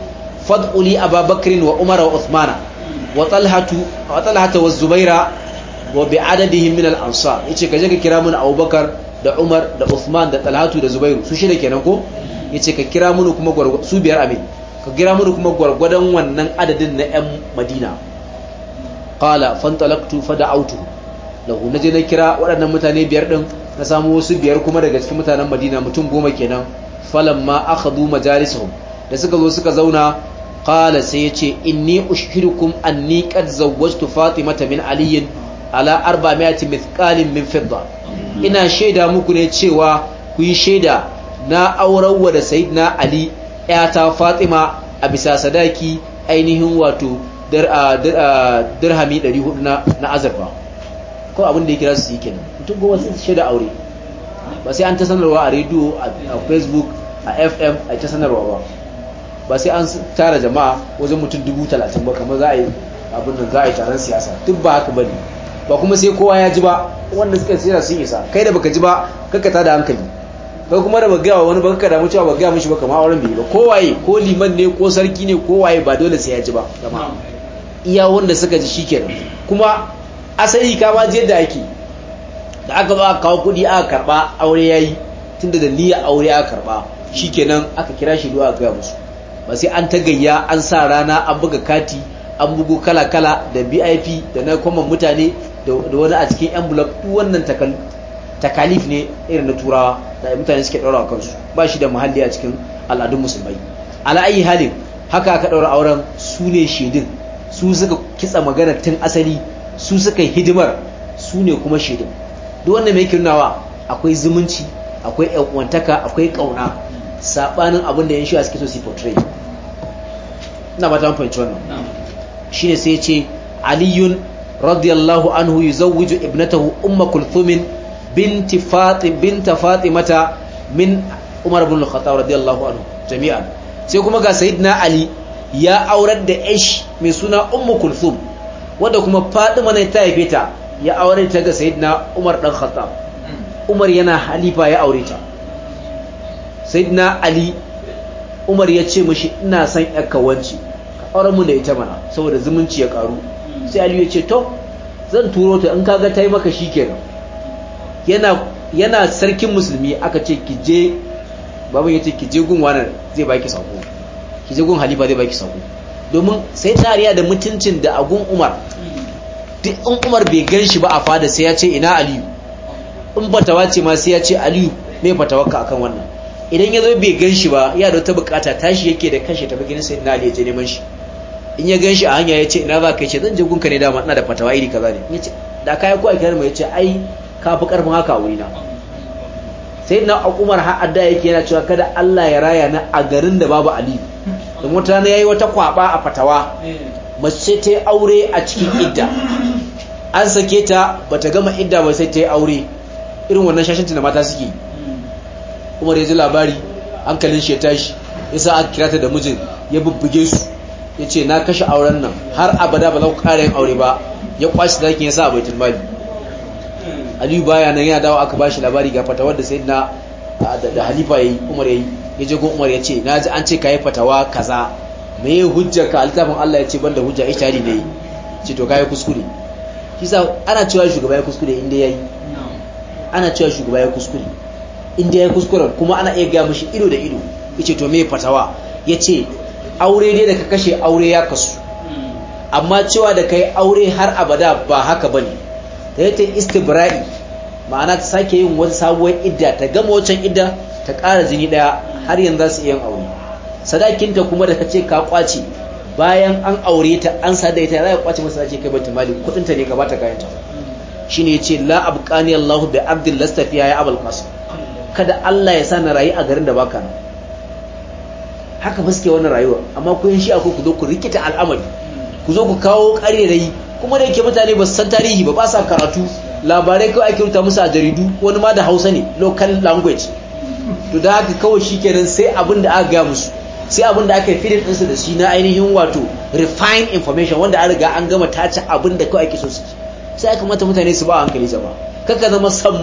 fad'uli abubakar wa Umar wa usmana wa talhata wa zubaira wa bi adadihim min al-ansar yace kaje ka kira mun abubakar da umar da Usman da talhatu da zubairu su shine kenan ko yace ka kira mun kuma su biyar amin ka kira mun kuma gwargwadon wannan adadin na yan madina qala fantalaqtu fada'awtu lahu naje na kira waɗannan mutane biyar din na samu wasu biyar kuma daga cikin mutanen madina mutum goma kenan falamma akhadhu majalisuhum da suka zo suka zauna qala sai yace inni ushirukum anni qad zawwajtu fatimata min aliyin ala 400 mithqalin min fidda ina shaida muku ne cewa ku yi shaida na aurarwa da sayyidina ali yata fatima a bisa sadaki ainihin wato dirhami 400 na na azurfa ko abin da ya kira su yi kenan mutum goma sun shaida aure ba sai an ta sanarwa a rediyo a facebook a fm a ta sanarwa ba ba sai an tara jama'a wajen mutum dubu talatin ba kamar za a yi abin nan za a yi taron siyasa duk ba haka bane ba kuma sai kowa ya ji ba wanda suka tsira sun isa kai da baka ji ba ta da hankali ba kuma da baka gaya wani ba ka damu cewa ba gaya mishi ba kamar auren bai ba kowaye ko liman ne ko sarki ne kowaye ba dole sai ya ji ba jama'a iya wanda suka ji shikenan kuma asali ka ma je da ake da aka ba kawo kuɗi aka karba aure yayi tunda da niyya aure aka karba shikenan aka kira shi zuwa ga musu ba sai an ta gayya an sa rana an buga kati an bugu kala-kala da bip da na kwamman mutane da wani a cikin envelope duk wannan takalif ne irin na turawa da mutane suke ɗaura kansu ba shi da muhalli a cikin al'adun musulmai ala'ayi halin haka aka ɗaura auren su ne shaidun su suka kitsa magana tun asali su suka hidimar su ne kuma shaidun duk wanda mai kirnawa akwai zumunci akwai yanuwantaka akwai ƙauna saɓanin abin da yan shi a suke so su portray ina ba ta fahimci wannan ne sai ce aliyun radiyallahu anhu yuzawwiju ibnatahu umma kulthum binti fatim binta fatimata min umar bin al radiyallahu anhu jami'an sai kuma ga sayyidina ali ya aurar da ish mai suna umma kulthum wadda kuma faɗi mana ta haife ta ya aure ta ga sayyidina umar dan khata umar yana halifa ya aure ta sayyidina ali umar ya ce mashi ina son yakawanci auren mu da ita mana saboda zumunci ya ƙaru sai aliyu ya ce to zan turo ta in kaga ta yi maka shikenan yana yana sarkin musulmi aka ce ki je baban ya ce ki je gun wannan zai baki sako ki je gun halifa zai baki sako domin sai tariya da mutuncin da agun umar duk in umar bai gan shi ba a fada sai ya ce ina aliyu in fatawa ce ma sai ya ce aliyu mai fatawarka akan wannan idan ya zo bai gan shi ba ya da ta bukata tashi yake da kashe ta bakin sai na aliyu je neman shi in ya gan shi a hanya ya ce ina za ka ce zan je gunka ne dama ina da fatawa iri kaza ne ya ce da kaya ko a kiran mu ya ce ai ka fi karfin haka a wurina sai na umar har adda yake yana cewa kada Allah ya raya na a garin da babu ali don wata ya yayi wata kwaba a fatawa mace ta aure a cikin idda an sake ta ba ta gama idda ba sai ta yi aure irin wannan shashinta da mata suke umar ya ji labari hankalin shi ya tashi yasa aka kira ta da mijin ya bubbuge su ya ce na kashe auren nan har abada ba zau ku yin aure ba ya kwashi dakin ya sa a baitul mali aliyu baya nan ya dawo aka ba shi labari ga fatawar da sai na da halifa ya yi umar ya yi ya je umar ya ce na ji an ce ka yi fatawa kaza me ya hujja ka alitafin allah ya ce ban da hujja itali ne ce to ka yi kuskure kisa ana cewa shugaba ya kuskure inda ya yi ana cewa shugaba ya kuskure inda ya kuskure kuma ana iya gaya mashi ido da ido ya ce to me fatawa ya ce aure dai da ka kashe aure ya kasu amma cewa da kai aure har abada ba haka ba bane ta yi ta istibra'i ma'ana ta sake yin wata sabuwar idda ta gama wancan idda ta ƙara jini ɗaya har yanzu za su iya aure sadakinta kuma da ka ce ka kwace bayan an aure ta an sada ita za ka kwace masa sadakin kai bata mali kuɗin ta ne ka bata kayan ta shine yace la abqani Allahu bi abdin lastafiya ya abul qasim kada Allah ya sa na rayu a garin da baka nan haka ba suke wannan rayuwa amma ku yan shi ku zo ku rikita al'amari ku zo ku kawo yi kuma da yake mutane ba su san tarihi ba ba sa karatu labarai kawai ake rubuta musu a jaridu wani ma da hausa ne local language to da haka kawai shi kenan sai abin da aka gaya musu sai abin da aka yi filin ɗinsu da shi na ainihin wato refined information wanda an riga an gama tace abin da kawai ake so su sai aka mata mutane su ba a hankali jama'a kaka zama san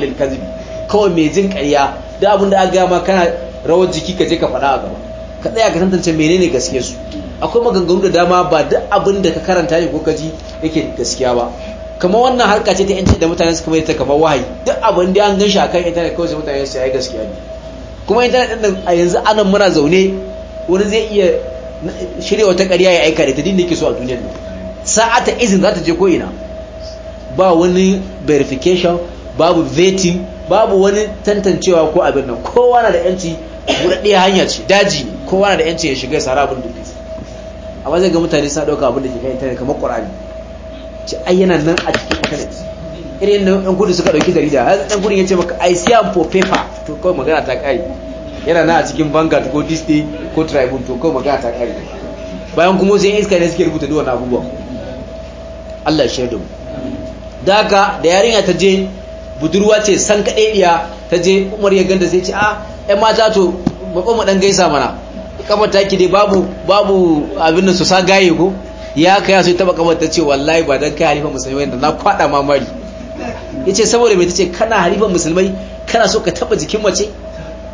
lil kazbi kawai mai jin ƙarya da abin da aka gaya ma kana rawar jiki ka je ka faɗa a gaba ka tsaya ka tantance menene gaske su akwai maganganu da dama ba duk abin da ka karanta shi ko ka ji yake gaskiya ba kamar wannan harka ce ta yanci da mutane suka mai ta kamar wahayi duk abin da an ganshi akan intanet kawai sai mutane su yi gaskiya ne kuma intanet din a yanzu anan muna zaune wani zai iya shirya wata ƙarya ya aika da ta da yake so a duniyar nan ta izin za ta je ko ina ba wani verification babu vetting babu wani tantancewa ko abin nan kowa na da yanci buɗaɗɗiya hanya ce daji ne kowa na da yanci ya shiga ya sara abin da ke amma zai ga mutane suna ɗauka abin da ke kan intanet kamar ƙwarari ce ai yana nan a cikin internet. irin yadda yan kudu suka ɗauki jarida har yan kudin ya ce maka i see am for paper to kawai magana ta ƙari yana nan a cikin vanguard ko disney ko tribune to kawai magana ta ƙari bayan kuma sai iska ne suke rubuta duwannan abubuwa allah shi da mu da haka da yarinya ta je budurwa ce san kaɗe ɗiya ta je umar ya ganda sai ce a ah, 'yan mata to maƙon mu gaisa mana kafa taki dai babu babu abin da su sa gaye ko ya kai su taba kafa ta ce wallahi ba dan kai halifa musulmai da na kwada mamari yace saboda me tace kana halifa musulmai kana so ka taba jikin mace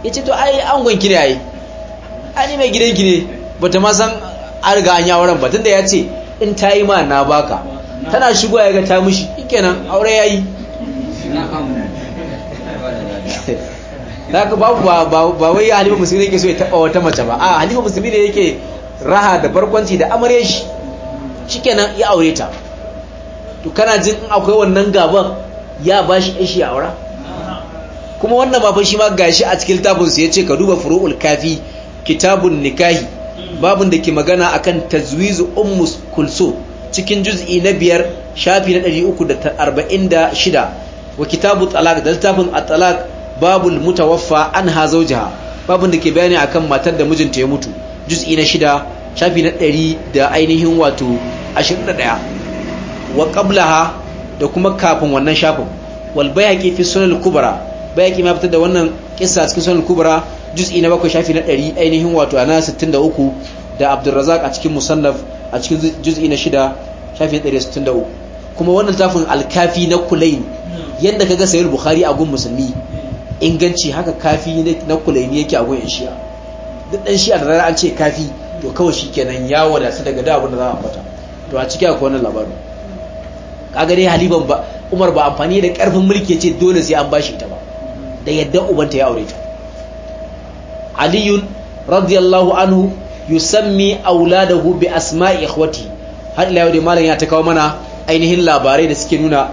yace to ai an gwanki ne ai ani mai gidanki ne bata ma san an riga an yawaran ba tunda yace in ta yi ma na baka tana shigo ya ga ta mushi kenan aure yayi zaka babu ba wai halima musulmi yake so ya taba wata mace ba a halima musulmi ne yake raha da barkwanci da amare shi shikenan ya aure ta to kana jin in akwai wannan gaban ya bashi shi aura kuma wannan ba shi ma gashi a cikin littafin ya ce ka duba furu'ul kafi kitabun nikahi babun da ke magana akan tazwizu ummu kulsum cikin juz'i na biyar shafi na 346 wa kitabu talaq da littafin at-talaq babul mutawaffa an ha zaujaha babun da ke bayani akan matar da mijinta ya mutu juz'i na shida shafi na ɗari da ainihin wato ashirin da ɗaya wa qablaha da kuma kafin wannan shafin wal bayaqi fi sunan kubra bayaqi ma fitar da wannan kissa cikin sunan kubra juz'i na bakwai shafi na ɗari ainihin wato ana sittin da uku da abdulrazak a cikin musannaf a cikin juz'i na shida shafi na ɗari sittin da uku kuma wannan tafin alkafi na kulain yadda kaga sayar bukhari a gun musulmi inganci haka kafi na kulaini yake a goyon shi'a duk dan shi'a da rana an ce kafi to kawai shi kenan ya wadata daga da abin da za a ambata to a ciki akwai wannan labarin kaga dai haliban ba umar ba amfani da karfin mulki ya ce dole sai an bashi ta ba da yadda ubanta ya aure ta aliyu radiyallahu anhu yusammi auladahu bi asma'i ikhwati har ila yau dai malam ya ta kawo mana ainihin labarai da suke nuna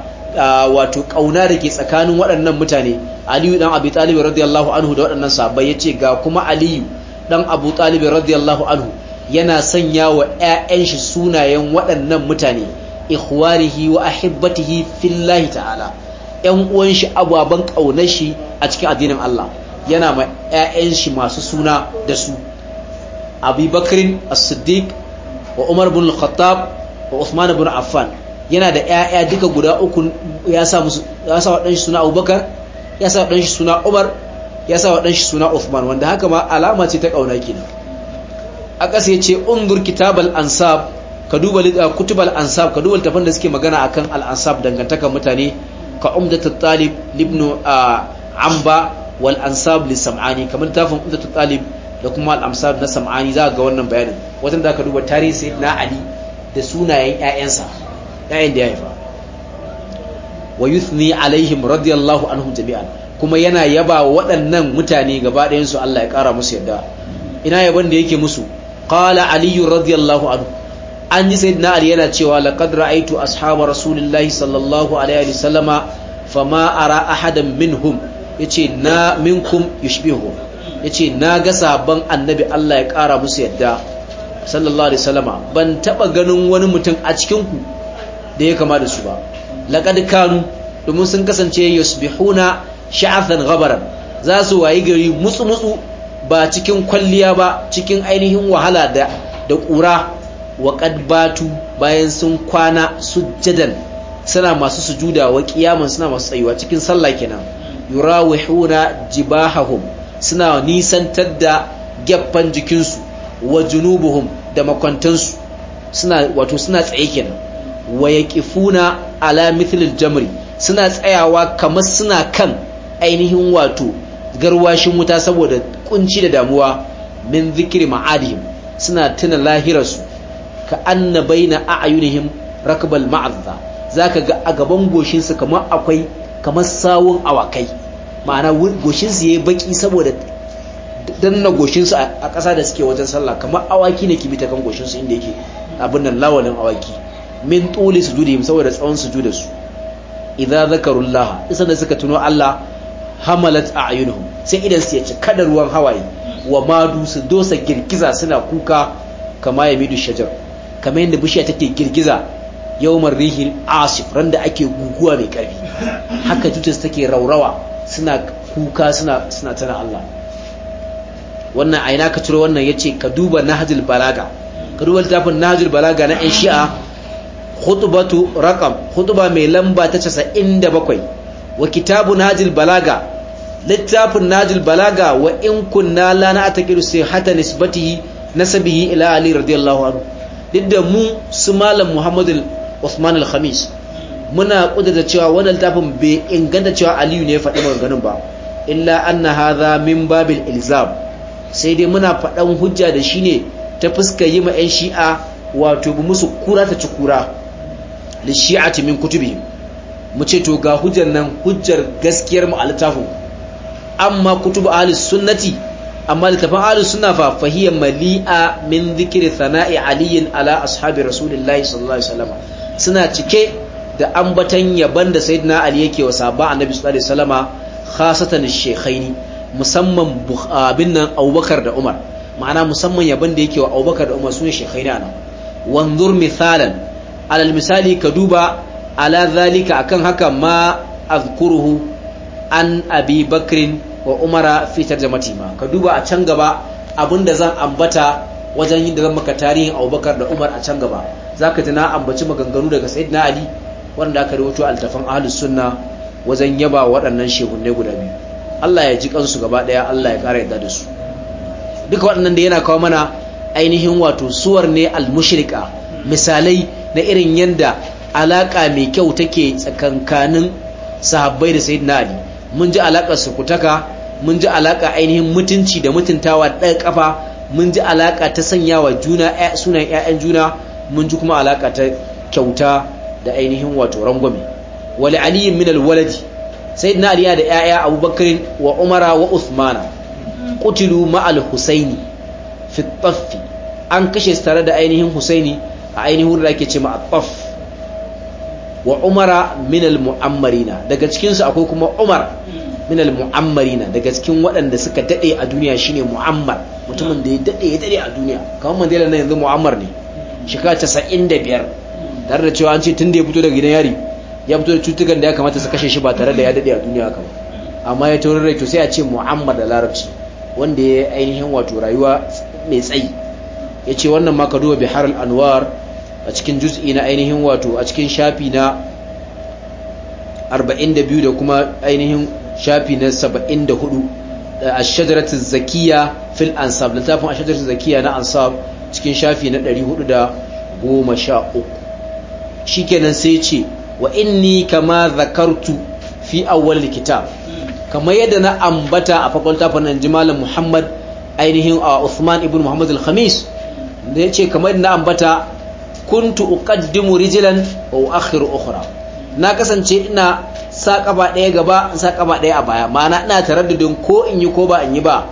wato kauna da ke tsakanin waɗannan mutane aliyu dan abi talib radiyallahu anhu da waɗannan sahabbai yace ga kuma aliyu dan abu talib radiyallahu anhu yana sanya wa ƴaƴan shi sunayen waɗannan mutane ikhwarihi wa ahibbatihi fillahi ta'ala ƴan uwan shi ababan kaunar shi a cikin addinin Allah yana ma ƴaƴan shi masu suna da su Abi Bakr as-Siddiq wa Umar ibn al-Khattab wa Uthman ibn Affan yana da ƴaƴa duka guda uku ya sa musu ya sa wadanshi suna Abubakar ya sa wadanshi suna Umar ya sa wadanshi suna Uthman wanda haka ma alama ce ta kauna kenan a ƙasa yace undur kitabal ansab ka duba kutubal ansab ka duba littafin da suke magana akan al ansab dangantakar mutane ka umdatul talib ibn amba wal ansab li sam'ani kamar tafin umdatul talib da kuma al ansab na sam'ani za ga wannan bayanin wajen da ka duba tarihi sayyidina ali da sunayen ƴaƴansa ƴaƴan da ya haifa wa yuthni alaihim radiyallahu anhum jami'an kuma yana yaba waɗannan mutane gaba ɗayan su Allah ya ƙara musu yadda ina yaban da yake musu qala aliyu radiyallahu anhu an ji sayyidina ali yana cewa laqad ra'aytu ashaba rasulillahi sallallahu alaihi wa sallama fama ara ahadan minhum yace na minkum yushbihu yace na ga sahabban annabi Allah ya ƙara musu yadda sallallahu alaihi wasallama ban taba ganin wani mutum a cikin ku da ya kama da su ba laqad kanu domin sun kasance yusbihuna sha'athan ghabaran za su wayi gari mutsu mutsu ba cikin kwalliya ba cikin ainihin wahala da da ƙura wa batu bayan sun kwana sujjadan suna masu sujuda wa kiyaman suna masu tsayuwa cikin sallah kenan yurawihuna jibahahum suna nisantar da gaffan jikinsu wa junubuhum da makwantansu suna wato suna tsaye kenan Wayakifuna yaqifuna ala jamri suna tsayawa kamar suna kan ainihin wato garwashin wuta saboda kunci da damuwa min zikri ma'adihim suna tuna lahirarsu ka anna baina a'yunihim rakbal ma'azza zaka ga a gaban goshin su kamar akwai kamar sawun awakai ma'ana goshin su yayi baki saboda danna goshinsu a ƙasa da suke wajen sallah kamar awaki ne ki bi ta kan goshin inda yake abin nan lawalin awaki min tuli sujudi saboda tsawon su idza zakarullah isan da suka tuno Allah hamalat a'yunuhum sai idan su ya ci kada ruwan hawaye wa madu su dosa girgiza suna kuka kama ya midu shajar kamar yadda bishiya take girgiza yawmar rihil asif randa ake guguwa mai karfi haka tutus take raurawa suna kuka suna suna tana Allah wannan aina ka ciro wannan yace ka duba nahjul balaga ka duba littafin nahjul balaga na ɗan shi'a khutbatu raqam khutba mai lamba ta 97 wa kitabun najil balaga littafin najil balaga wa in kunna la sai sihhata nisbatihi nasabihi ila ali radiyallahu anhu duk da mu su malam muhammadu usman al-khamis muna kudada cewa wannan littafin bai inganta cewa aliyu ne ya faɗi maganganun ba illa anna hadha min babil ilzam sai dai muna faɗan hujja da shi ne ta fuska yi ma 'yan shi'a wato bi musu kura ta ci kura lishi'ati min kutubihim mu ce to ga hujjar nan hujjar gaskiyar mu a littafin amma kutubu ahlus sunnati amma littafin ahlus sunna fa fahiya mali'a min dhikri thana'i aliyin ala ashabi rasulillahi sallallahu alaihi wasallam suna cike da ambatan yaban da sayyidina ali yake wa sahaba annabi sallallahu alaihi wasallama khasatan shaykhaini musamman abin nan Abubakar da Umar ma'ana musamman yaban da yake wa Abubakar da Umar sune shaykhaini anan wanzur mithalan alal misali ka duba ala zalika akan haka ma azkuruhu an abi bakrin wa umara fi tarjamati ma ka duba a can gaba abinda zan ambata wajen yin da zan maka tarihin abubakar da umar a can gaba Za zaka tana ambaci maganganu daga na ali wanda aka a altafan ahlus sunna wajen yaba waɗannan shehunne guda biyu Allah ya ji kansu gaba ɗaya, Allah ya kara yadda da su duka waɗannan da yana kawo mana ainihin wato suwar ne al-mushrika misalai na irin yadda alaƙa mai kyau take tsakankanin sahabbai da na ali mun ji alakar sukutaka mun ji alaka ainihin mutunci da mutuntawa da kafa mun ji alaka ta sanyawa juna sunan ƴaƴan juna mun ji kuma alaka ta kyauta da ainihin wato rangwame wali aliyu min alwaladi sayyidina ali da ƴaƴa abubakar wa umara wa uthmana kutilu ma al-husaini fi an kashe su tare da ainihin husaini a ainihin da ake ce ma ataf wa umara minal mu'ammarina daga cikinsu akwai kuma umar minal mu'ammarina daga cikin waɗanda suka daɗe a duniya shine mu'ammar mutumin da ya daɗe ya daɗe a duniya kamar mandela na yanzu mu'ammar ne shekara casa'in da biyar tare da cewa an ce tun da ya fito daga gidan yari ya fito da cutukan da ya kamata su kashe shi ba tare da ya daɗe a duniya haka ba amma ya taurin rai to sai a ce mu'ammar da larabci wanda ya ainihin wato rayuwa mai tsayi ya ce wannan ma ka duba bihar anwar. a cikin juz'i na ainihin wato a cikin shafi na 42 da kuma ainihin shafi na 74 ash-shajaratu zakiya fil ansab littafin ash-shajaratu zakiya na ansab cikin shafi na 413 shikenan sai ce wa inni kama zakartu fi awwal kitab kamar yadda na ambata a farkon tafin nan ji Muhammad ainihin a Usman ibn Muhammad al-Khamis da yace kamar yadda na ambata kuntu uqaddimu rijlan wa uakhiru ukhra na kasance ina sa kaba daya gaba in sa kaba daya a baya ma'ana ina taraddudin ko in yi ko ba in yi ba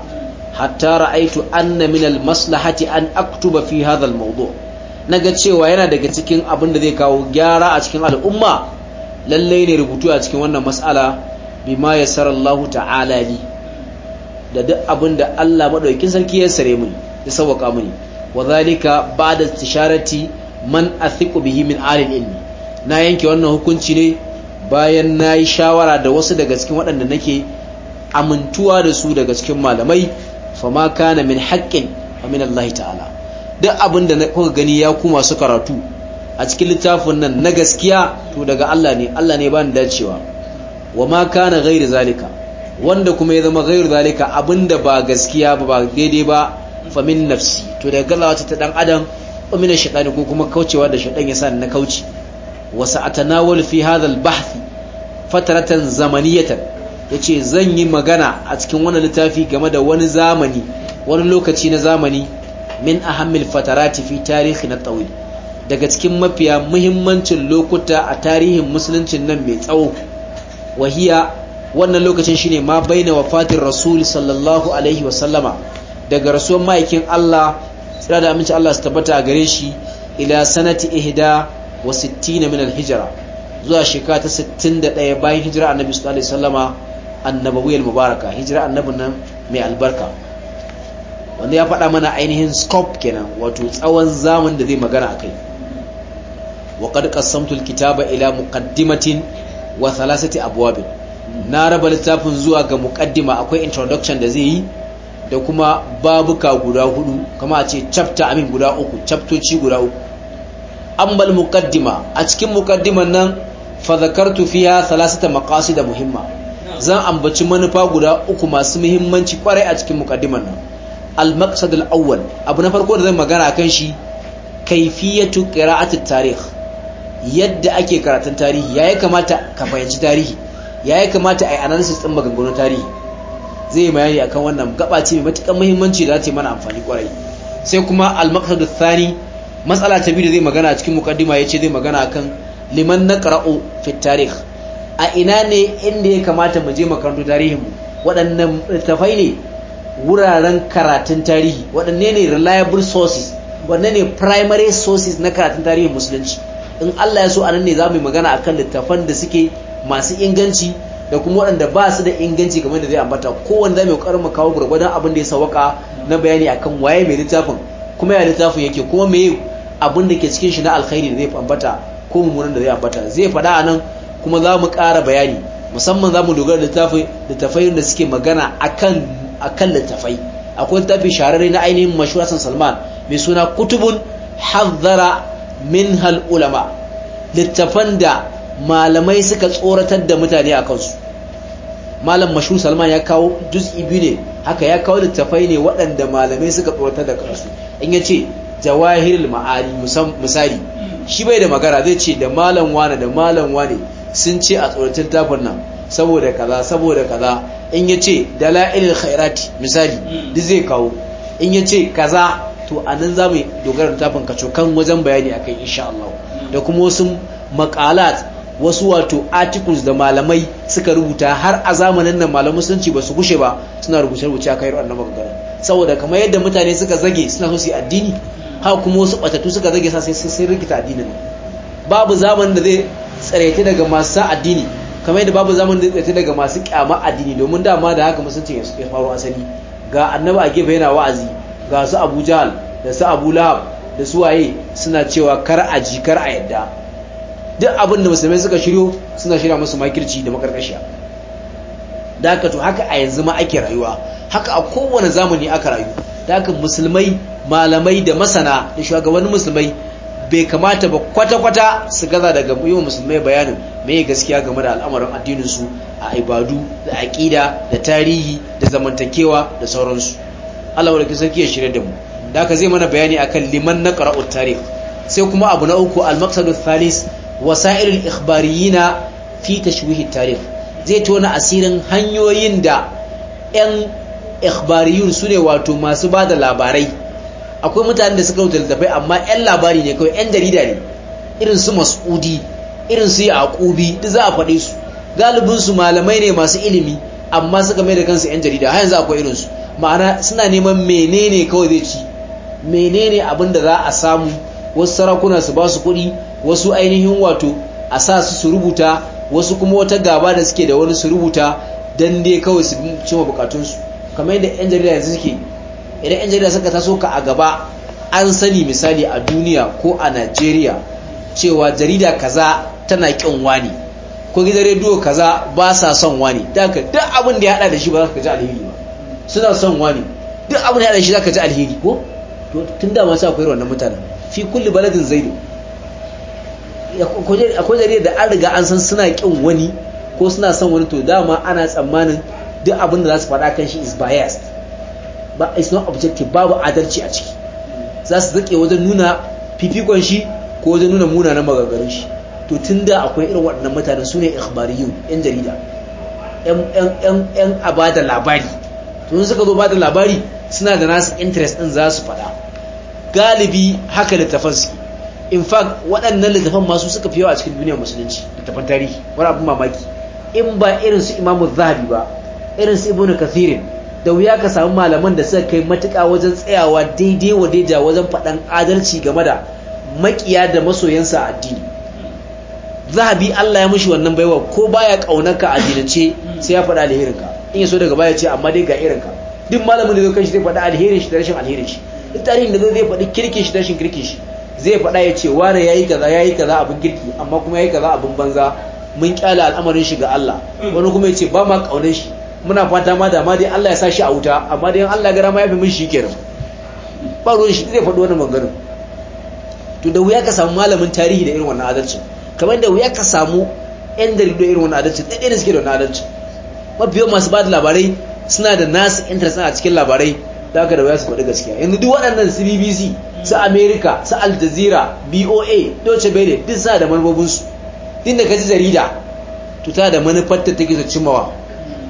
hatta ra'aitu anna min al-maslahati an aktuba fi hadha al-mawdu naga cewa yana daga cikin abin da zai kawo gyara a cikin al'umma lalle ne rubutu a cikin wannan mas'ala bima yassara Allah ta'ala li da duk abin da Allah madaukin sarki ya sare mini ya sawaka mini wa zalika ba'da istisharati man athiqu bihi min alil ilmi na yanke wannan hukunci ne bayan na yi shawara da wasu daga cikin waɗanda nake amintuwa da su daga cikin malamai fa ma kana min haƙƙin wa min Allah ta'ala duk abin da kuka gani ya kuma su karatu a cikin littafin nan na gaskiya to daga Allah ne Allah ne bani dacewa wa ma kana ghairu zalika wanda kuma ya zama ghairu zalika abinda ba gaskiya ba daidai ba fa min nafsi to daga Allah ta dan adam wa min ko kuma kaucewa da shaytan yasa na kauci wa sa'atanawalu fi hadha al fataratan zamaniyatan yace zan yi magana a cikin wannan littafi game da wani zamani wani lokaci na zamani min hamil fatarati fi tarihi na tawil daga cikin mafiya muhimmancin lokuta a tarihin musuluncin nan mai tsawo wahiya wannan lokacin shine ma baina wafatin rasul sallallahu alaihi wasallama daga rasuwan ma'aikin Allah Sai da aminci Allah su tabbata gare shi ila sanati ihda wa 60 min al-hijra zuwa shekara ta 61 bayan hijira annabi sallallahu alaihi wasallama annabawiyar mubaraka hijira annabin nan mai albarka wanda ya faɗa mana ainihin scope kenan wato tsawon zaman da zai magana a kai wa qad qasamtu al-kitaba ila muqaddimatin wa thalathati abwab na raba littafin zuwa ga muqaddima akwai introduction da zai yi da kuma babuka guda hudu kama a ce chapter amin guda uku chaptoci guda uku ambal muqaddima a cikin muqaddiman nan fa zakartu fiha salasata maqasid muhimma zan ambaci manufa guda uku masu muhimmanci kwarai a cikin muqaddiman nan al maqsad al awwal abu na farko da zan magana kan shi kaifiyatu qira'ati tarikh yadda ake karatun tarihi yayi kamata ka fahimci tarihi yayi kamata ai analysis din maganganun tarihi zai bayani akan wannan gaba ce mai matukar muhimmanci da ta mana amfani kwarai sai kuma al da thani matsala ta biyu da zai magana a cikin mukaddima yace zai magana akan liman naqra'u fi tarikh a ina ne inda ya kamata mu je makarantu tarihi mu waɗannan tafai ne wuraren karatun tarihi waɗanne ne reliable sources wanne ne primary sources na karatun tarihin musulunci in Allah ya so anan ne za mu yi magana akan littafan da suke masu inganci da kuma waɗanda ba su da inganci kamar da zai ambata kowanne zai mai ƙoƙarin mu kawo gurgurdan abin da ya sawaka na bayani akan waye mai littafin kuma ya littafin yake kuma me abin da ke cikin shi na alkhairi da zai ambata ko mummunan da zai ambata zai faɗa a nan kuma za mu ƙara bayani musamman za mu dogara littafai da suke magana akan akan littafai akwai littafi shahararre na ainihin mashura san salman mai suna kutubun hazzara min hal ulama littafan da malamai suka tsoratar da mutane a kansu malam mashu salman ya kawo juz'i biyu ne haka ya kawo littafai ne waɗanda malamai suka tsorata da kansu in ya ce jawahirul ma'ani misali shi bai da magara zai ce da malam wane da malam wane sun ce a tsoratar tafin nan saboda kaza saboda kaza in ya ce la'ilin khairati misali duk zai kawo in ya ce kaza to a nan za mu dogara da tafin kacokan wajen bayani akan insha Allah da kuma wasu makalat wasu wato articles da malamai suka rubuta har a zamanin nan sun musulunci ba su gushe ba suna rubuce rubuce a kairu annabi gagara saboda kamar yadda mutane suka zage suna so su yi addini ha kuma wasu batatu suka zage sa sai sai rikita addinin babu zamanin da zai tsarete daga masu sa addini kamar yadda babu zamanin da zai tsarete daga masu kyama addini domin dama da haka musulunci ya faru asali ga annabi a gefe yana wa'azi ga su abu jahal da su abu lahab da su waye suna cewa kar a ji kar a yadda duk abin da musulmai suka shiryo suna shirya musu makirci da makarkashiya da haka to haka a yanzu ma ake rayuwa haka a kowane zamani aka rayu da haka musulmai malamai da masana da shugabannin musulmai bai kamata ba kwata-kwata su gaza daga yi musulmai bayanin mai gaskiya game da al'amarin addininsu a ibadu da aƙida da tarihi da zamantakewa da sauransu allah wadda sarki ya shirya da mu da haka zai mana bayani akan liman na ƙara'ut tarih sai kuma abu na uku al-maqsadu thalis wasa'ilul ikhbariyina fi tashwihi tarikh zai tona asirin hanyoyin da 'yan ikhbariyun su ne wato masu ba da labarai akwai mutane da suka wuta littafai amma 'yan labari ne kawai 'yan jarida ne irin su mas'udi irin su yaqubi duk za a faɗe su galibin su malamai ne masu ilimi amma suka mai da kansu 'yan jarida har yanzu akwai irin su ma'ana suna neman menene kawai zai ci menene abin da za a samu wasu sarakuna su ba su kuɗi wasu ainihin wato a sa su su rubuta wasu kuma wata gaba da suke da wani su rubuta don dai kawai su ma bukatunsu kamar yadda 'yan jarida yanzu suke idan 'yan jarida suka taso ka a gaba an sani misali a duniya ko a najeriya cewa jarida kaza tana ƙin wani ko gidan rediyo kaza ba sa son wani da ka duk abin da ya hada da shi ba za ka ji alheri ba suna son wani duk abin da ya hada da shi za ka ji alheri ko tun da masu akwai wannan mutanen fi kulli baladin zaidu akwai jarida da an riga an san suna kin wani ko suna son wani to dama ana tsammanin duk abin da za su faɗa kan shi is biased ba is not objective babu adalci a ciki za su zake wajen nuna fifikon shi ko wajen nuna munanan magagarin shi to tun da akwai irin waɗannan mutane su ne ikhbariyu yan jarida yan a ba da labari to suka zo bada da labari suna da nasu interest ɗin za su faɗa galibi haka littafan suke in fact waɗannan littafan masu suka fi yawa a cikin duniyar musulunci littafan tarihi wani abin mamaki in ba irin su imamu zahabi ba irin su ibnu kathirin da wuya ka samu malaman da suka kai matuka wajen tsayawa daidai wa daidai wajen faɗan adalci game da makiya da masoyansa a addini zahabi Allah ya mushi wannan baiwa ko baya kaunarka a dinance sai ya faɗa alherinka in ya so daga baya ce amma dai ga ka duk malamin da zai kai shi zai faɗa alherin shi da rashin alherin shi duk tarihin da zai faɗi kirkin shi da rashin kirkin shi zai faɗa ya ce wane ya yi kaza ya yi kaza abin kirki amma kuma ya yi kaza abin banza mun kyala al'amarin shi ga Allah hmm. wani kuma ya ce ba ma ƙaunar shi muna fata ma da ma dai Allah ya sa shi a wuta amma dai Allah gara ma ya fi min shi kenan ba ruwan shi zai faɗi wani maganin to da wuya ka samu malamin tarihi da irin wannan adalci kamar da wuya ka samu yan jaridu irin wannan adalci ɗaya ne suke da wannan adalci mafiyan masu ba da labarai suna da nasu interest a cikin labarai da aka da wuya su faɗi gaskiya yanzu duk waɗannan su bbc su Amerika, su al jazeera boa deutsche welle duk sa da manufofin din da kaji jarida to ta da manufar ta take su cimawa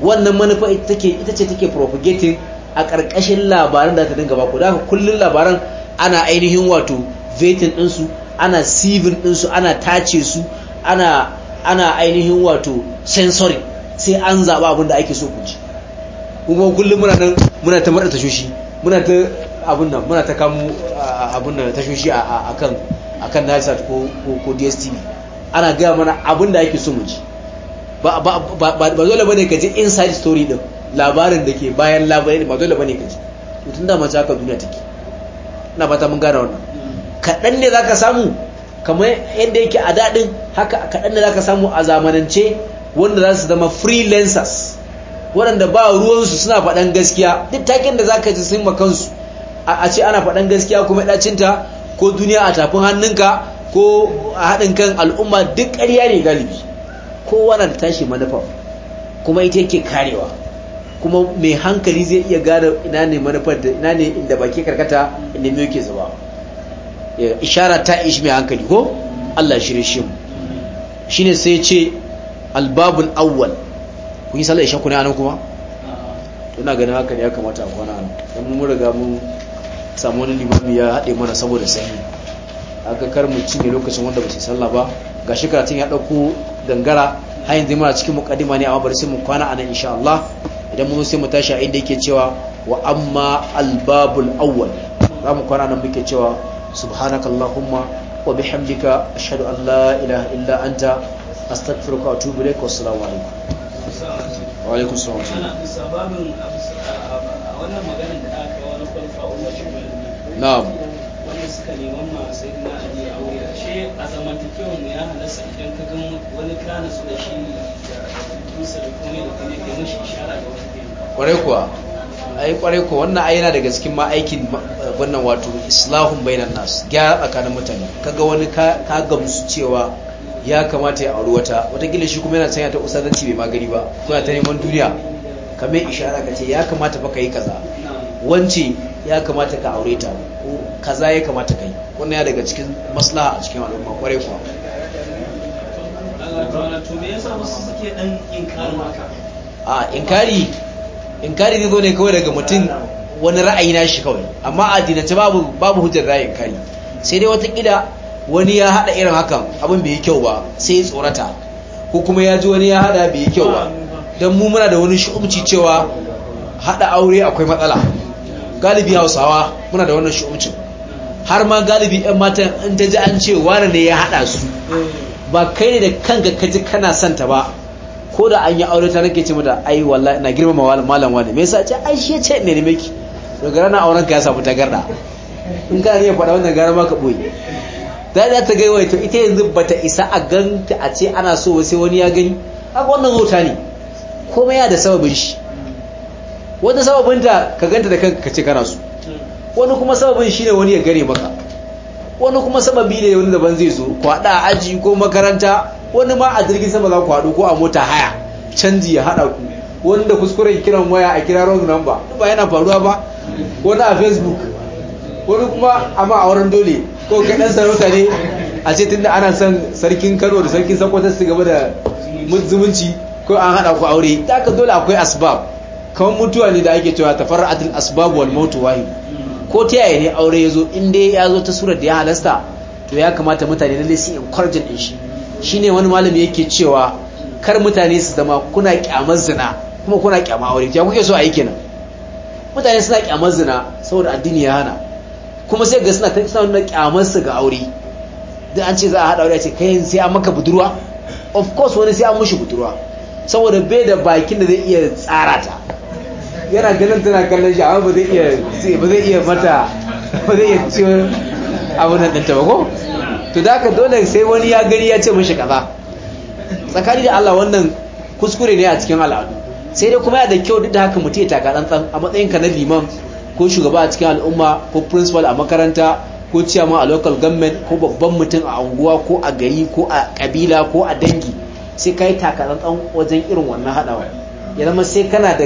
wannan manufa ita ce take propagating a ƙarƙashin labaran da ta dinga ba ku da kullun labaran ana ainihin wato vetin ɗinsu ana sivin ɗinsu ana tace su ana ana ainihin wato sensory sai an zaɓa abin da ake so ku ji kuma kullum muna nan muna ta maɗa tashoshi muna ta abun nan muna ta kamo abun nan tashoshi a kan akan nasat ko ko dstv ana gaya mana abun da ake so mu ji ba dole bane ka ji inside story din labarin da ke bayan labarin ba dole bane ka ji tun da mace haka duniya take ina fata mun gane wannan kaɗan ne za ka samu kamar yadda yake a daɗin haka kaɗan ne za ka samu a zamanance wanda za su zama freelancers waɗanda ba ruwansu suna faɗan gaskiya duk takin da ka ji sun makansu a ce ana faɗan gaskiya kuma ɗacinta ko duniya a tafin hannunka ko a haɗin kan al'umma duk ƙarya ne galibi kowa na da tashi manufa kuma ita yake karewa kuma mai hankali zai iya gane ina ne manufar da ina ne inda baki karkata inda mai yake zuba ishara ta ishi mai hankali ko Allah shi shi mu shi ne sai ce albabun awwal kun yi sallar ishe kuna nan kuma tuna ganin haka ne ya kamata a kwana nan dan mun riga mun samu wani limami ya haɗe mana saboda sanyi aka kar mu cinye lokacin wanda ba su sallah ba ga shi karatun ya ɗauko gangara har yanzu muna cikin mukaddima ne amma bari sai mu kwana anan insha Allah idan mun sai mu tashi a inda yake cewa wa amma albabul awwal za mu kwana nan muke cewa subhanakallahumma wa bihamdika ashhadu an la ilaha illa anta astaghfiruka wa atubu ilaik wa assalamu alaikum wa alaikum assalam wannan maganar da na'am a kwarai kuwa ai kwarai kuwa wannan ai yana daga cikin ma aikin eh, wannan wato islahun bainan nas gyara tsakanin mutane kaga wani ka gamsu cewa ya kamata ya auri wata watakila shi kuma yana sanya ta usadanci bai magani ba kuna ta neman duniya kamar ishara ka ce ya kamata fa ka yi kaza wance ya kamata ka aure ta ko kaza ya kamata ka yi wannan ya daga cikin maslaha a cikin al'umma kwarai kuwa a inkari inkari zai zo ne kawai daga mutum wani ra'ayi na shi kawai amma a dinace babu babu hujjar ra'ayin kari sai dai wata kida wani ya hada irin hakan abin bai yi kyau ba sai ya tsorata ko kuma ya ji wani ya hada bai yi kyau ba don mu muna da wani shi'umci cewa hada aure akwai matsala galibi hausawa muna da wannan shi'umcin har ma galibi 'yan matan in ta ji an ce wane ne ya haɗa su ba kai ne da kanka ka ji kana santa ba ko da an yi aure ta nake ce mata ai wallahi ina girmama malam wani me yasa ce ai she ce ne ne miki daga rana auren ka ya samu tagarda in kana ne faɗa wannan gara ma ka boye da za ta wai to ita yanzu bata isa a ganta a ce ana so sai wani ya gani a wannan hota ne komai ya da sababin shi wani sababin ta ka ganta da kanka ka ce kana so wani kuma sababin shine wani ya gare maka wani kuma sababi ne wani daban zai zo a aji ko makaranta wani ma a jirgin sama za ku haɗu ko a mota haya canji ya haɗa ku wani da kuskuren kiran waya a kira wrong number ba yana faruwa ba wani a facebook wani kuma amma a wurin dole ko ka ɗan sarauta ne a ce tunda ana son sarkin kano da sarkin sakwatar su gaba da zumunci ko an haɗa ku aure da dole akwai asbab kamar mutuwa ne da ake cewa tafarra'atul asbab wal mautu wahid ko ta yaya ne aure ya in dai ya zo ta surar da ya halasta to ya kamata mutane lalle su encourage din shi shine wani malami yake cewa kar mutane su zama kuna kyamar zina kuma kuna kyamar aure ya kuke so a yake kenan mutane suna kyamar zina saboda addini ya hana kuma sai ga suna ta tsawon na kyamar su ga aure duk an ce za a haɗa aure a ce kai sai an maka budurwa of course wani sai an mushi budurwa saboda bai da bakin da zai iya tsara ta yana ganin tana kallon shi amma ba zai iya ba zai iya mata ba zai iya ciwon abu nan ɗanta ba ko to da haka dole sai wani ya gani ya ce mishi kaza tsakani da Allah wannan kuskure ne a cikin al'adu sai dai kuma yana da kyau duk da haka mutum ya taka tsantsan a matsayin ka na liman ko shugaba a cikin al'umma ko principal a makaranta ko ciyama a local government ko babban mutum a unguwa ko a gari ko a kabila ko a dangi sai ka yi taka tsantsan wajen irin wannan haɗawa ya zama sai kana da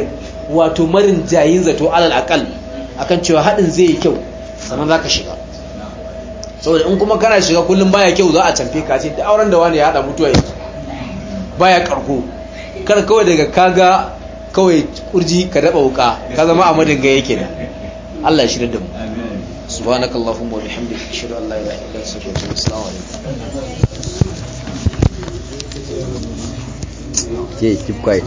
wato marin jayin zato alal akal akan cewa haɗin zai yi kyau sannan za ka shiga saboda in kuma kana shiga kullum baya kyau za a canfe ka da auren da wani ya haɗa mutuwa yake baya karko kar kawai daga kaga kawai kurji ka daɓa wuka ka zama a madinga yake da Allah ya shirya da mu subhanakallahumma wa bihamdika ashhadu an la ilaha illa anta astaghfiruka wa atubu ilaik Okay, keep quiet.